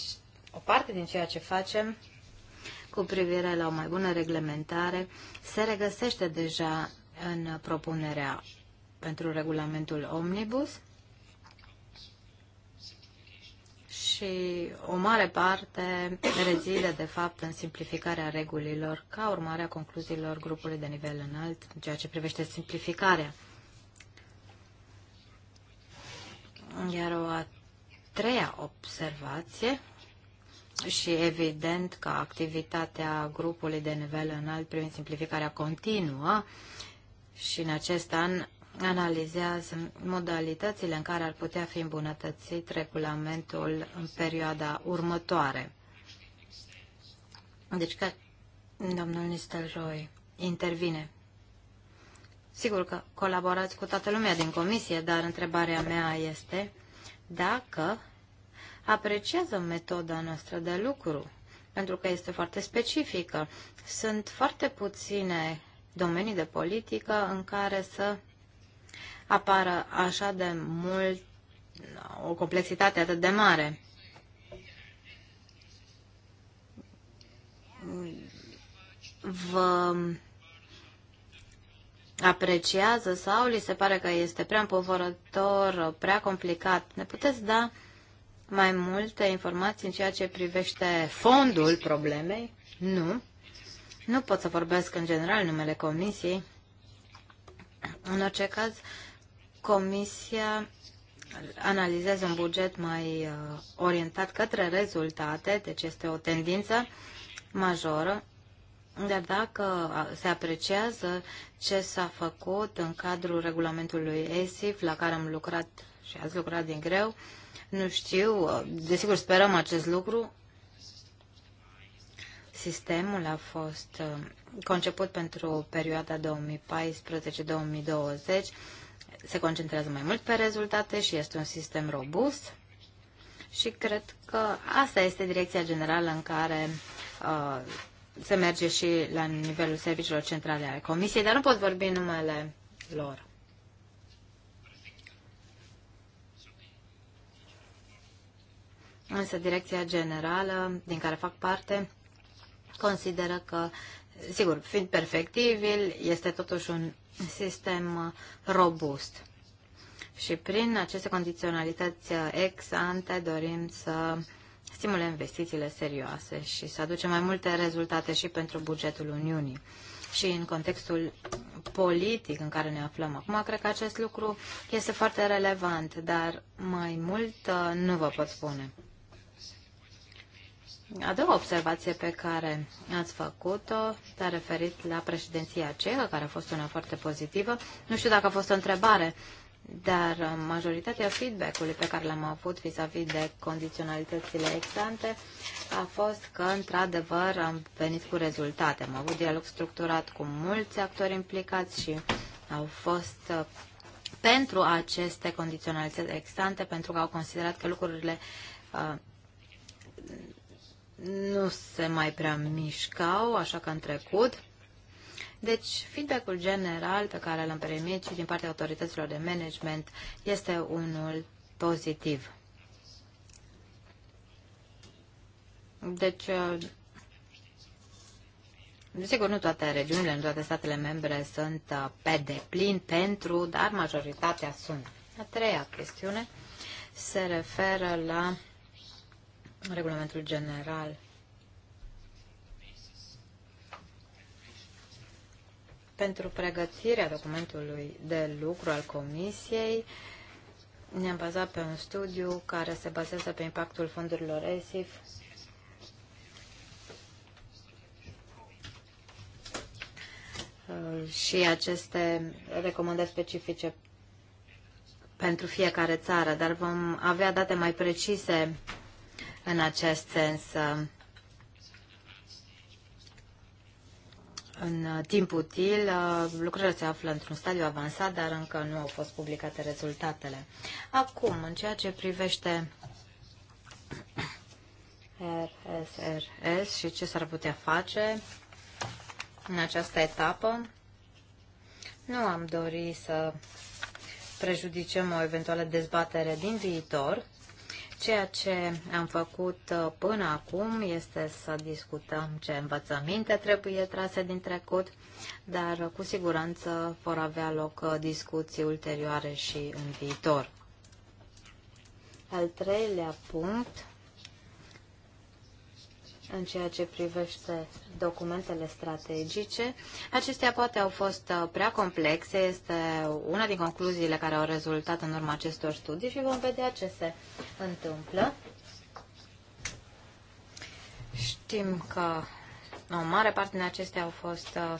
o parte din ceea ce facem cu privire la o mai bună reglementare se regăsește deja în propunerea pentru regulamentul Omnibus și o mare parte rezidă, de fapt, în simplificarea regulilor ca urmare a concluziilor grupului de nivel înalt în ceea ce privește simplificarea. Iar o a treia observație și evident că activitatea grupului de nivel înalt privind simplificarea continuă și în acest an analizează modalitățile în care ar putea fi îmbunătățit regulamentul în perioada următoare. Deci că domnul Nistelrooy intervine. Sigur că colaborați cu toată lumea din comisie, dar întrebarea mea este dacă apreciază metoda noastră de lucru, pentru că este foarte specifică. Sunt foarte puține domenii de politică în care să apară așa de mult o complexitate atât de mare. Vă apreciază sau li se pare că este prea împovărător, prea complicat? Ne puteți da mai multe informații în ceea ce privește fondul problemei? Nu. Nu pot să vorbesc în general numele comisiei. În orice caz, comisia analizează un buget mai uh, orientat către rezultate, deci este o tendință majoră, dar dacă se apreciază ce s-a făcut în cadrul regulamentului ESIF, la care am lucrat și ați lucrat din greu, nu știu, uh, desigur sperăm acest lucru, Sistemul a fost uh, conceput pentru perioada 2014-2020, se concentrează mai mult pe rezultate și este un sistem robust și cred că asta este direcția generală în care uh, se merge și la nivelul serviciilor centrale ale Comisiei, dar nu pot vorbi în numele lor. Însă direcția generală din care fac parte consideră că, sigur, fiind perfectibil, este totuși un sistem robust. Și prin aceste condiționalități ex ante dorim să stimule investițiile serioase și să aducem mai multe rezultate și pentru bugetul Uniunii. Și în contextul politic în care ne aflăm acum, cred că acest lucru este foarte relevant, dar mai mult nu vă pot spune a doua observație pe care ați făcut-o s-a referit la președinția cehă, care a fost una foarte pozitivă. Nu știu dacă a fost o întrebare, dar majoritatea feedback-ului pe care l-am avut vis-a-vis -vis de condiționalitățile exante a fost că, într-adevăr, am venit cu rezultate. Am avut dialog structurat cu mulți actori implicați și au fost uh, pentru aceste condiționalități exante, pentru că au considerat că lucrurile uh, nu se mai prea mișcau, așa ca în trecut. Deci, feedback-ul general pe care l-am primit și din partea autorităților de management este unul pozitiv. Deci, Desigur, uh, nu toate regiunile, nu toate statele membre sunt uh, pe deplin pentru, dar majoritatea sunt. A treia chestiune se referă la regulamentul general pentru pregătirea documentului de lucru al Comisiei ne-am bazat pe un studiu care se bazează pe impactul fondurilor ESIF și aceste recomandări specifice pentru fiecare țară, dar vom avea date mai precise în acest sens uh, în timp util. Uh, lucrurile se află într-un stadiu avansat, dar încă nu au fost publicate rezultatele. Acum, în ceea ce privește RSRS și ce s-ar putea face în această etapă, nu am dorit să prejudicem o eventuală dezbatere din viitor, Ceea ce am făcut uh, până acum este să discutăm ce învățăminte trebuie trase din trecut, dar uh, cu siguranță vor avea loc uh, discuții ulterioare și în viitor. Al treilea punct în ceea ce privește documentele strategice. Acestea poate au fost uh, prea complexe, este una din concluziile care au rezultat în urma acestor studii și vom vedea ce se întâmplă. Știm că o mare parte din acestea au fost uh,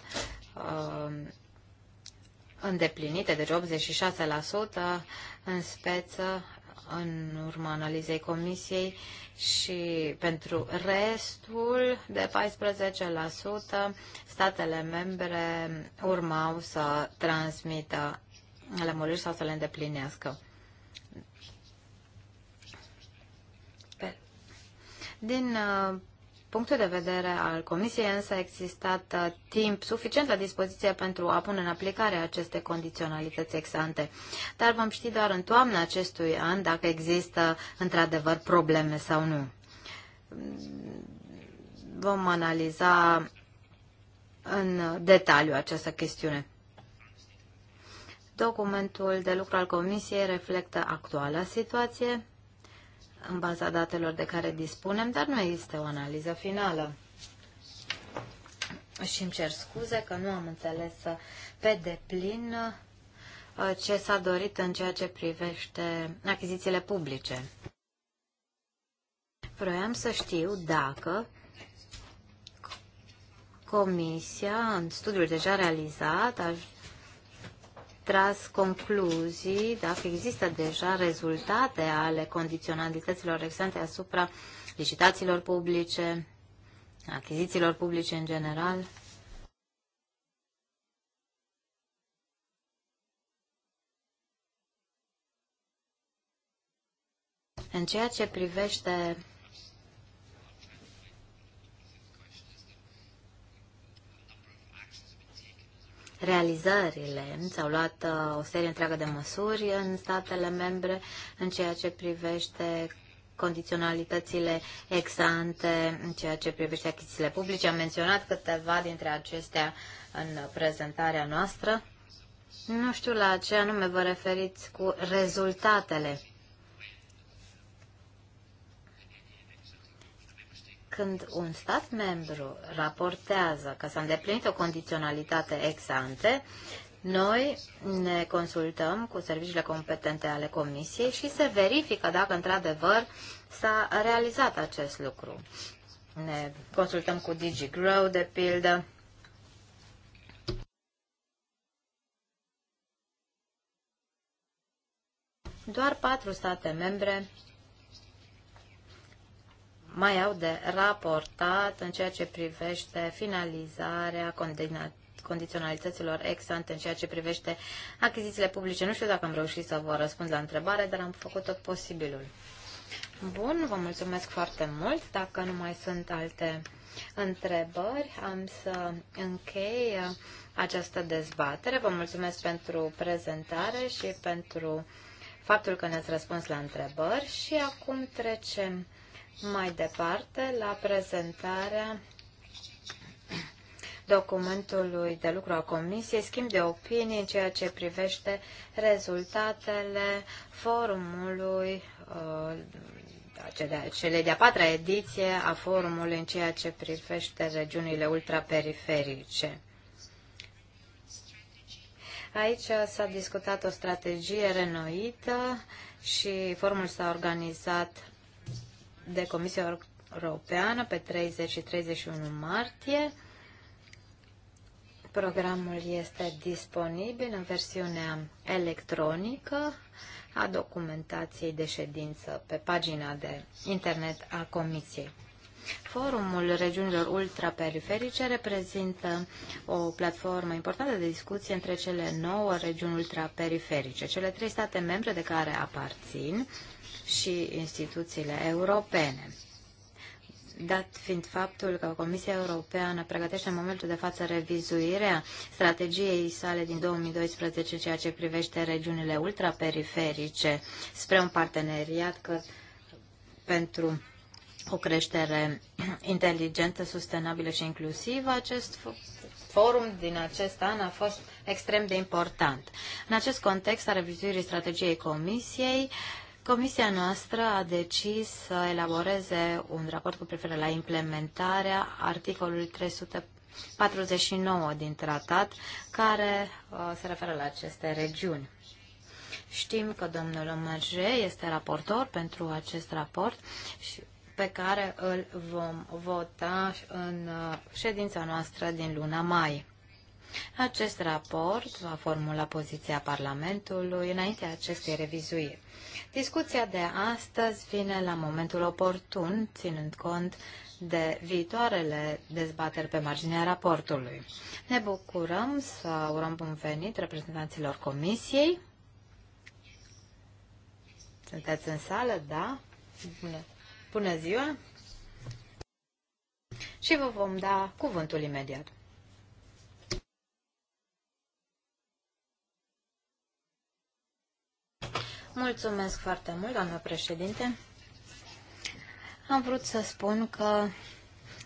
uh îndeplinite, deci 86% în speță în urma analizei comisiei și pentru restul de 14% statele membre urmau să transmită lămuriri sau să le îndeplinească. Din uh, punctul de vedere al Comisiei, însă a existat uh, timp suficient la dispoziție pentru a pune în aplicare aceste condiționalități exante. Dar vom ști doar în toamna acestui an dacă există într-adevăr probleme sau nu. Vom analiza în detaliu această chestiune. Documentul de lucru al Comisiei reflectă actuala situație în baza datelor de care dispunem, dar nu există o analiză finală. Și îmi cer scuze că nu am înțeles uh, pe deplin uh, ce s-a dorit în ceea ce privește achizițiile publice. Vroiam să știu dacă Comisia, în studiul deja realizat, tras concluzii dacă există deja rezultate ale condiționalităților exante asupra licitațiilor publice, achizițiilor publice în general? În ceea ce privește realizările. S-au luat uh, o serie întreagă de măsuri în statele membre în ceea ce privește condiționalitățile exante în ceea ce privește achizițiile publice. Am menționat câteva dintre acestea în prezentarea noastră. Nu știu la ce anume vă referiți cu rezultatele când un stat membru raportează că s-a îndeplinit o condiționalitate ex ante, noi ne consultăm cu serviciile competente ale Comisiei și se verifică dacă într-adevăr s-a realizat acest lucru. Ne consultăm cu DigiGrow, de pildă, Doar patru state membre mai au de raportat în ceea ce privește finalizarea condena- condiționalităților ex ante în ceea ce privește achizițiile publice. Nu știu dacă am reușit să vă răspund la întrebare, dar am făcut tot posibilul. Bun, vă mulțumesc foarte mult. Dacă nu mai sunt alte întrebări, am să închei această dezbatere. Vă mulțumesc pentru prezentare și pentru faptul că ne-ați răspuns la întrebări și acum trecem mai departe la prezentarea documentului de lucru a Comisiei, schimb de opinie în ceea ce privește rezultatele forumului, uh, cele de-a patra ediție a forumului în ceea ce privește regiunile ultraperiferice. Aici s-a discutat o strategie renoită și forumul s-a organizat de Comisia Europeană pe 30 și 31 martie. Programul este disponibil în versiunea electronică a documentației de ședință pe pagina de internet a Comisiei. Forumul regiunilor ultraperiferice reprezintă o platformă importantă de discuție între cele nouă regiuni ultraperiferice. Cele trei state membre de care aparțin și instituțiile europene. Dat fiind faptul că Comisia Europeană pregătește în momentul de față revizuirea strategiei sale din 2012, ceea ce privește regiunile ultraperiferice, spre un parteneriat că, pentru o creștere inteligentă, sustenabilă și inclusivă, acest forum din acest an a fost extrem de important. În acest context a revizuirii strategiei Comisiei, Comisia noastră a decis să elaboreze un raport cu privire la implementarea articolului 349 din tratat, care uh, se referă la aceste regiuni. Știm că domnul Omerge este raportor pentru acest raport și pe care îl vom vota în uh, ședința noastră din luna mai. Acest raport va formula poziția Parlamentului înaintea acestei revizuiri. Discuția de astăzi vine la momentul oportun, ținând cont de viitoarele dezbateri pe marginea raportului. Ne bucurăm să urăm bun venit reprezentanților comisiei. Sunteți în sală, da? Bună, Bună ziua! Și vă vom da cuvântul imediat. Mulțumesc foarte mult, doamnă președinte. Am vrut să spun că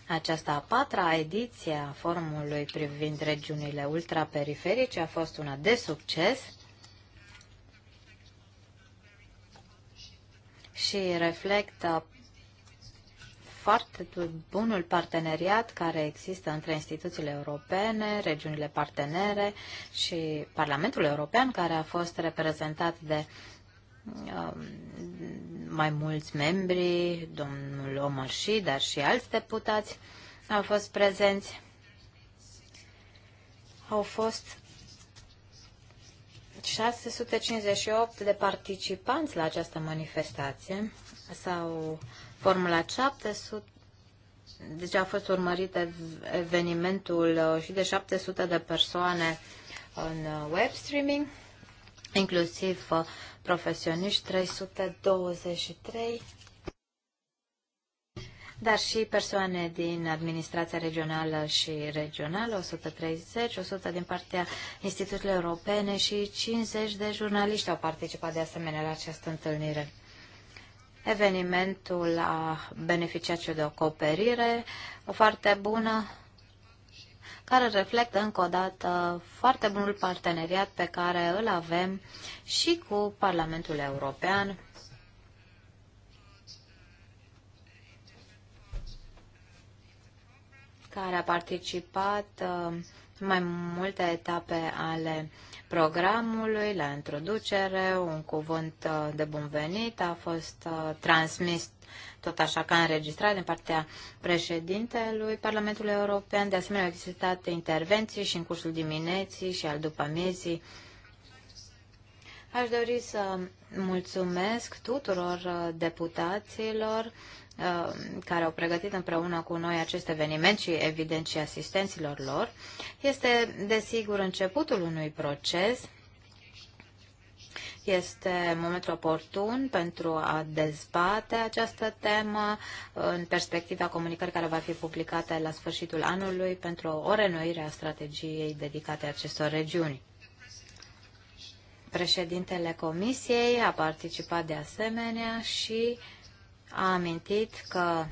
aceasta a patra ediție a formului privind regiunile ultraperiferice a fost una de succes și reflectă foarte bunul parteneriat care există între instituțiile europene, regiunile partenere și Parlamentul European, care a fost reprezentat de Um, mai mulți membri, domnul Omar și, dar și alți deputați au fost prezenți. Au fost 658 de participanți la această manifestație sau Formula 700 deci a fost urmărit evenimentul uh, și de 700 de persoane în uh, web streaming, inclusiv uh, profesioniști 323, dar și persoane din administrația regională și regională, 130, 100 din partea instituțiilor europene și 50 de jurnaliști au participat de asemenea la această întâlnire. Evenimentul a beneficiat și de o cooperire foarte bună care reflectă încă o dată foarte bunul parteneriat pe care îl avem și cu Parlamentul European. care a participat uh, mai multe etape ale programului, la introducere, un cuvânt uh, de bun venit a fost uh, transmis tot așa ca înregistrat din partea președintelui Parlamentului European. De asemenea, au existat intervenții și în cursul dimineții și al după miezii. Aș dori să mulțumesc tuturor uh, deputaților Uh, care au pregătit împreună cu noi acest eveniment și, evident, și asistenților lor, este, desigur, începutul unui proces. Este momentul oportun pentru a dezbate această temă în perspectiva comunicării care va fi publicată la sfârșitul anului pentru o renoire a strategiei dedicate acestor regiuni. Președintele Comisiei a participat de asemenea și uh, a amintit că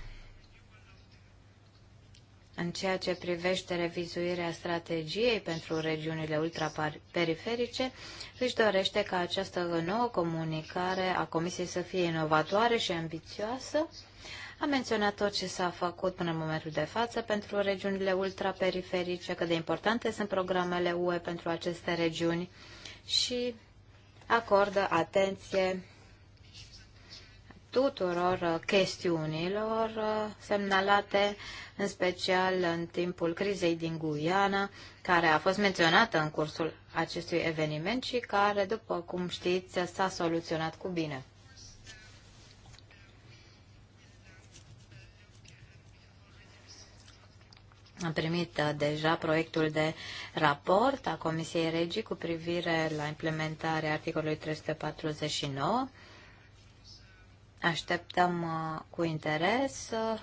în ceea ce privește revizuirea strategiei pentru regiunile ultraperiferice, își dorește ca această nouă comunicare a Comisiei să fie inovatoare și ambițioasă. A menționat tot ce s-a făcut până în momentul de față pentru regiunile ultraperiferice, cât de importante sunt programele UE pentru aceste regiuni și acordă atenție tuturor uh, chestiunilor uh, semnalate, în special în timpul crizei din Guiana, care a fost menționată în cursul acestui eveniment și care, după cum știți, s-a soluționat cu bine. Am primit uh, deja proiectul de raport a Comisiei Regii cu privire la implementarea articolului 349 Așteptăm uh, cu interes uh,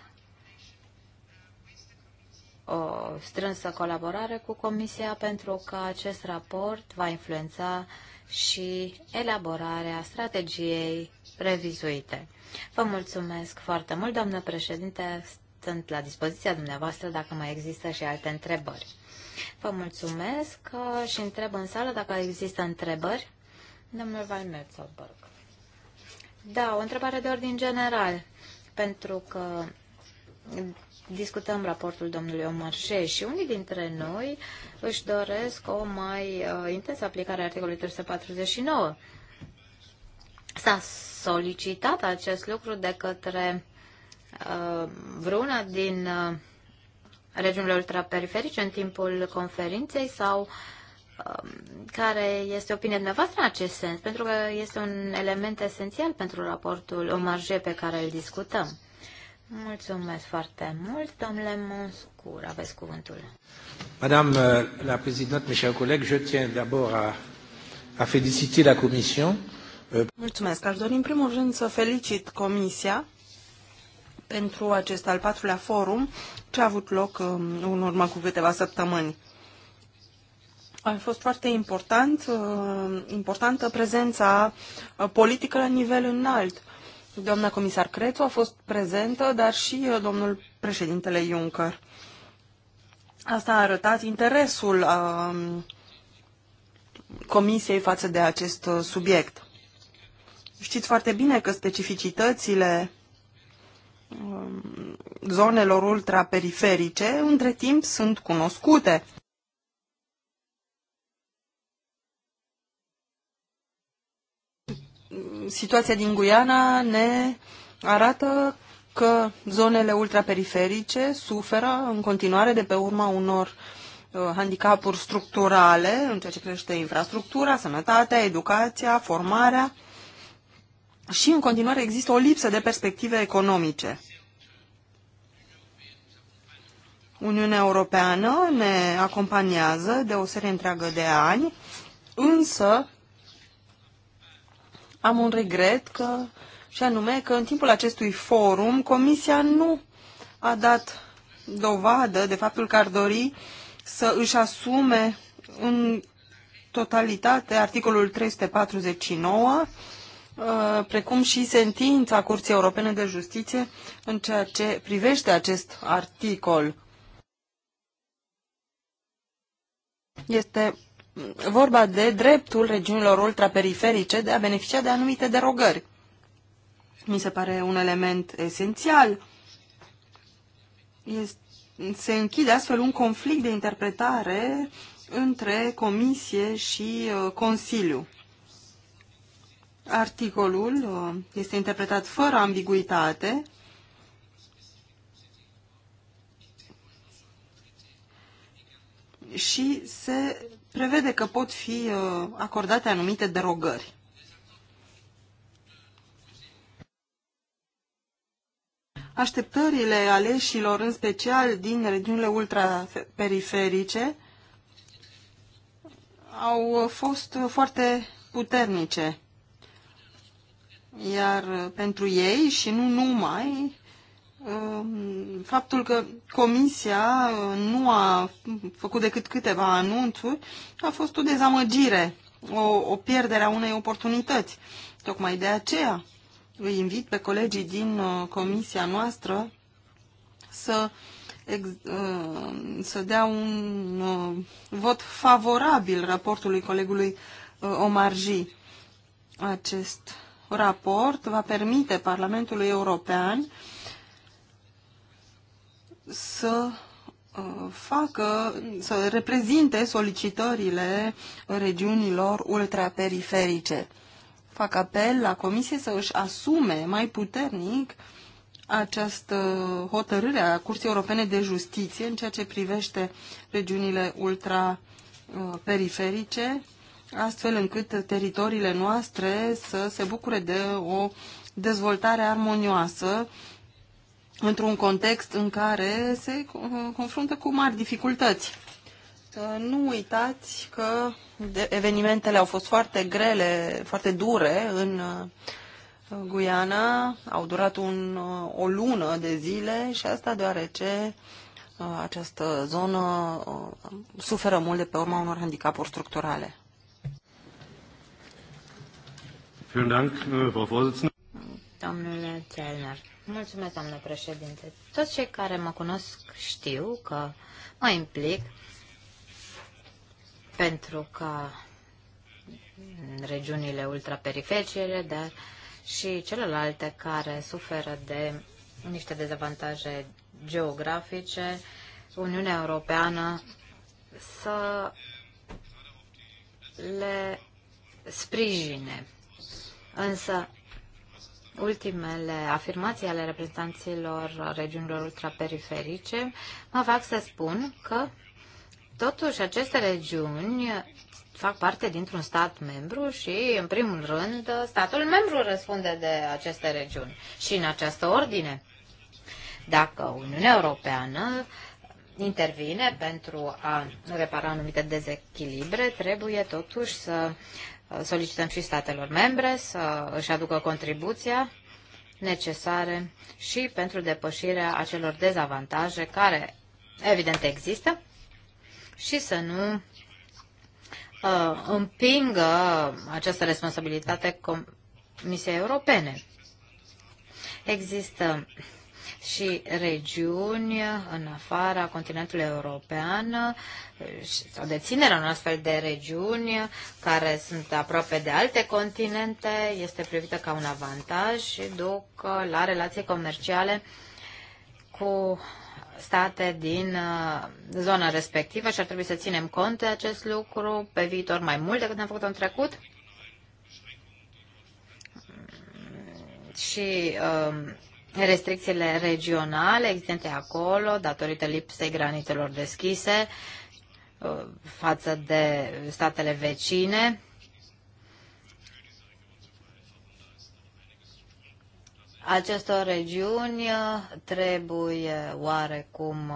o strânsă colaborare cu Comisia pentru că acest raport va influența și elaborarea strategiei revizuite. Vă mulțumesc foarte mult, doamnă președinte. Sunt la dispoziția dumneavoastră dacă mai există și alte întrebări. Vă mulțumesc uh, și întreb în sală dacă există întrebări. Domnul Valmerțoberg. Da, o întrebare de ordin general, pentru că discutăm raportul domnului Omarșe și unii dintre noi își doresc o mai uh, intensă aplicare a articolului 349. S-a solicitat acest lucru de către uh, vreuna din uh, regiunile ultraperiferice în timpul conferinței sau uh, Um, care este opinia dumneavoastră în acest sens, pentru că este un element esențial pentru raportul OMARGE pe care îl discutăm. Mulțumesc foarte mult, domnule Monscur, aveți cuvântul. Madame euh, la présidente, mes chers collègues, je tiens d'abord à, à féliciter la Commission. Euh, Mulțumesc. Aș dori în primul rând să felicit Comisia pentru acest al patrulea forum ce a avut loc um, în urmă cu câteva săptămâni. A fost foarte important, uh, importantă prezența uh, politică la nivel înalt. Doamna comisar Crețu a fost prezentă, dar și uh, domnul președintele Juncker. Asta a arătat interesul a comisiei față de acest subiect. Știți foarte bine că specificitățile um, zonelor ultraperiferice între timp sunt cunoscute. situația din Guiana ne arată că zonele ultraperiferice suferă în continuare de pe urma unor uh, handicapuri structurale în ceea ce crește infrastructura, sănătatea, educația, formarea și în continuare există o lipsă de perspective economice. Uniunea Europeană ne acompaniază de o serie întreagă de ani, însă am un regret că, și anume că în timpul acestui forum Comisia nu a dat dovadă de faptul că ar dori să își asume în totalitate articolul 349, uh, precum și sentința Curții Europene de Justiție în ceea ce privește acest articol. Este vorba de dreptul regiunilor ultraperiferice de a beneficia de anumite derogări. Mi se pare un element esențial. Este, se închide astfel un conflict de interpretare între Comisie și uh, Consiliu. Articolul uh, este interpretat fără ambiguitate și se prevede că pot fi uh, acordate anumite derogări. Așteptările aleșilor, în special din regiunile ultraperiferice, au fost foarte puternice. Iar pentru ei și nu numai, Ehm, faptul că Comisia uh, nu a făcut decât câteva anunțuri a fost o dezamăgire, o, o pierdere a unei oportunități. Tocmai de aceea îi invit pe colegii din uh, Comisia noastră să, ex, uh, să dea un vot favorabil raportului colegului Omarji. Acest raport va permite Parlamentului European să uh, facă, să reprezinte solicitările regiunilor ultraperiferice. Fac apel la Comisie să își asume mai puternic această hotărâre a Curții Europene de Justiție în ceea ce privește regiunile ultraperiferice, astfel încât teritoriile noastre să se bucure de o dezvoltare armonioasă într-un context în care se confruntă cu mari dificultăți. Nu uitați că evenimentele au fost foarte grele, foarte dure în uh, Guiana, au durat un, uh, o lună de zile și asta deoarece uh, această zonă suferă mult de pe urma unor handicapuri structurale. Vielen äh, Mulțumesc, doamnă președinte. Toți cei care mă cunosc știu că mă implic pentru ca regiunile ultraperiferice, dar și celelalte care suferă de niște dezavantaje geografice, Uniunea Europeană să le sprijine. Însă ultimele afirmații ale reprezentanților regiunilor ultraperiferice, mă fac să spun că totuși aceste regiuni fac parte dintr-un stat membru și, în primul rând, statul membru răspunde de aceste regiuni și în această ordine. Dacă Uniunea Europeană intervine pentru a repara anumite dezechilibre, trebuie totuși să solicităm și statelor membre să își aducă contribuția necesare și pentru depășirea acelor dezavantaje care evident există și să nu uh, împingă această responsabilitate Comisiei Europene. Există și regiuni în afara continentului european sau deținerea unor astfel de regiuni care sunt aproape de alte continente este privită ca un avantaj și duc la relații comerciale cu state din uh, zona respectivă și ar trebui să ținem cont de acest lucru pe viitor mai mult decât am făcut în trecut. Și uh, restricțiile regionale existente acolo, datorită lipsei granițelor deschise uh, față de statele vecine. Acestor regiuni uh, trebuie oarecum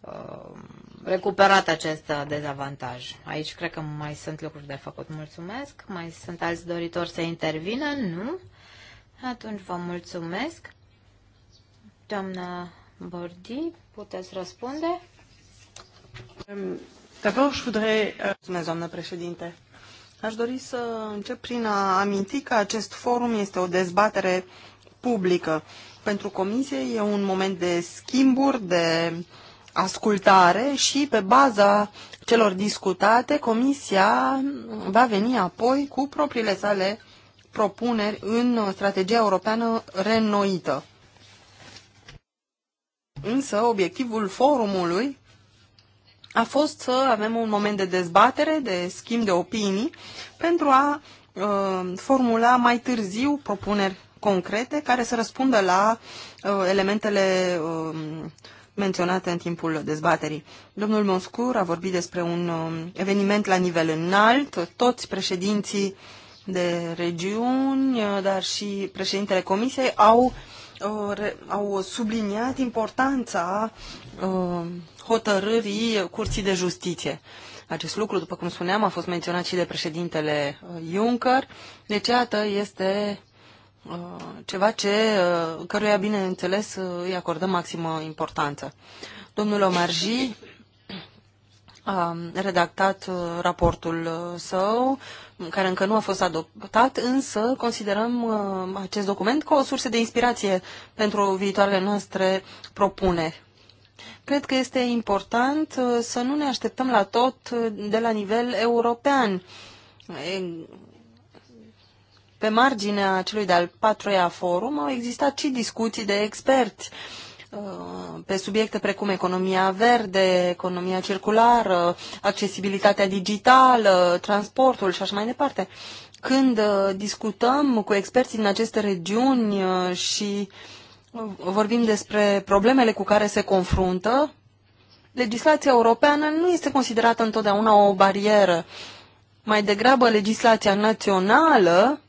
uh, recuperat acest dezavantaj. Aici cred că mai sunt lucruri de făcut. Mulțumesc. Mai sunt alți doritori să intervină? Nu? Atunci vă mulțumesc. Doamna Bordi, puteți răspunde? D'abord, je eh, Mulțumesc, doamnă președinte. Aș dori să încep prin a aminti că acest forum este o dezbatere publică. Pentru comisie e un moment de schimburi, de ascultare și pe baza celor discutate, comisia va veni apoi cu propriile sale propuneri în strategia europeană renoită. Însă obiectivul forumului a fost să avem un moment de dezbatere, de schimb de opinii, pentru a uh, formula mai târziu propuneri concrete care să răspundă la uh, elementele uh, menționate în timpul dezbaterii. Domnul Monscur a vorbit despre un uh, eveniment la nivel înalt, toți președinții de regiuni, uh, dar și președintele comisiei au uh, au subliniat importanța uh, hotărârii Curții de Justiție. Acest lucru, după cum spuneam, a fost menționat și de președintele uh, Juncker. Deci, iată, este uh, ceva ce, căruia, bineînțeles, îi acordăm maximă importanță. Domnul Omarji a redactat uh, raportul uh, său, care încă nu a fost adoptat, însă considerăm uh, acest document ca o sursă de inspirație pentru viitoarele noastre propuneri. Cred că este important să nu ne așteptăm la tot de la nivel european. Pe marginea celui de-al patrulea forum au existat și discuții de experți uh, Uh, pe subiecte precum economia verde, economia circulară, accesibilitatea digitală, transportul și așa mai departe. Când uh, discutăm cu experții din aceste regiuni uh, și vorbim despre problemele cu care se confruntă, legislația europeană nu este considerată întotdeauna o barieră. Mai degrabă, legislația națională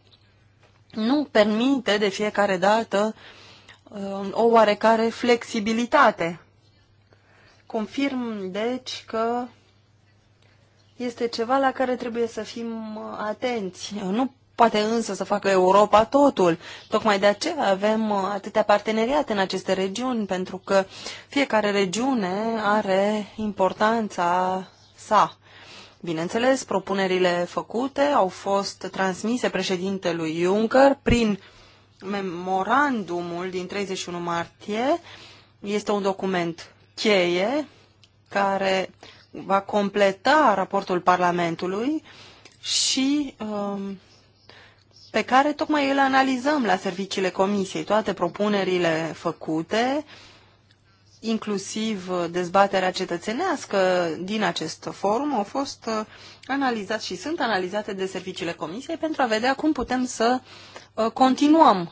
nu permite de fiecare dată uh, o oarecare flexibilitate. Confirm, deci, că este ceva la care trebuie să fim atenți. Nu poate însă să facă Europa totul. Tocmai de aceea avem atâtea parteneriate în aceste regiuni, pentru că fiecare regiune are importanța sa. Bineînțeles, propunerile făcute au fost transmise președintelui Juncker prin uh, memorandumul din 31 martie este un document cheie care va completa raportul Parlamentului și um, pe care tocmai îl analizăm la serviciile Comisiei. Toate propunerile făcute, inclusiv dezbaterea cetățenească din acest forum, au fost uh, analizate și sunt analizate de serviciile Comisiei pentru a vedea cum putem să uh, Ă, continuăm.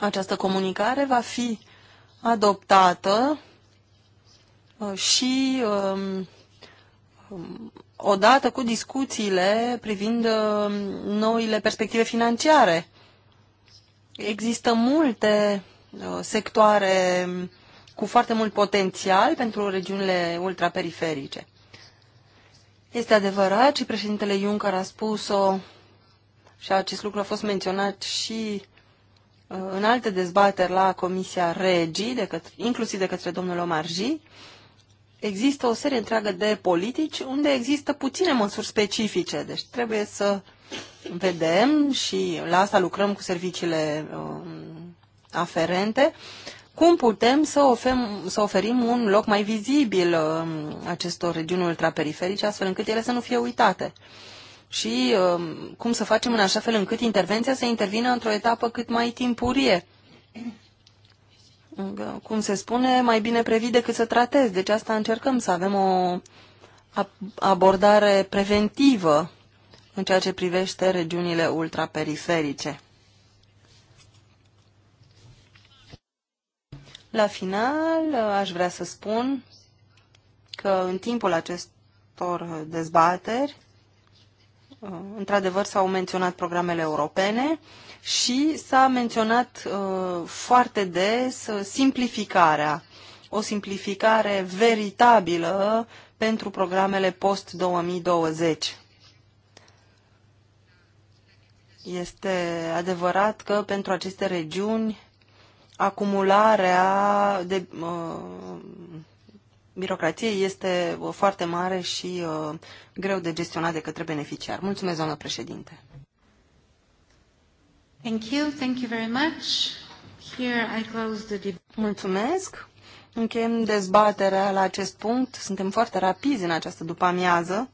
Această comunicare va fi adoptată ă, și ă, odată cu discuțiile privind noile perspective financiare. Există multe sectoare cu foarte mult potențial pentru regiunile ultraperiferice. Este adevărat și președintele Juncker a spus-o și acest lucru a fost menționat și uh, în alte dezbateri la Comisia Regii, de către, inclusiv de către domnul Omarji, există o serie întreagă de politici unde există puține măsuri specifice. Deci trebuie să vedem și la asta lucrăm cu serviciile uh, aferente, cum putem să, ofem, să oferim un loc mai vizibil uh, acestor regiuni ultraperiferice, astfel încât ele să nu fie uitate și um, cum să facem în așa fel încât intervenția să intervină într-o etapă cât mai timpurie. Cum se spune, mai bine previi decât să tratezi. Deci asta încercăm, să avem o abordare preventivă în ceea ce privește regiunile ultraperiferice. La final, aș vrea să spun că în timpul acestor dezbateri Uh, într-adevăr s-au menționat programele europene și s-a menționat uh, foarte des uh, simplificarea, o simplificare veritabilă pentru programele post-2020. Este adevărat că pentru aceste regiuni acumularea de uh, Birocratie este uh, foarte mare și uh, greu de gestionat de către beneficiar. Mulțumesc, doamnă președinte. Thank you, thank you very much. Here I close the debate. Mulțumesc. Încheiem dezbaterea la acest punct. Suntem foarte rapizi în această după-amiază.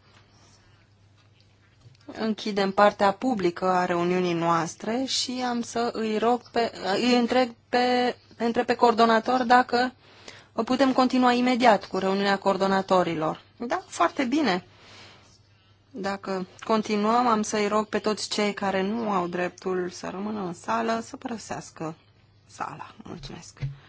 Închidem partea publică a reuniunii noastre și am să îi rog pe, îi întreb pe, întreb pe coordonator dacă o putem continua imediat cu reuniunea coordonatorilor. Da, foarte bine. Dacă continuăm, am să-i rog pe toți cei care nu au dreptul să rămână în sală să părăsească sala. Mulțumesc!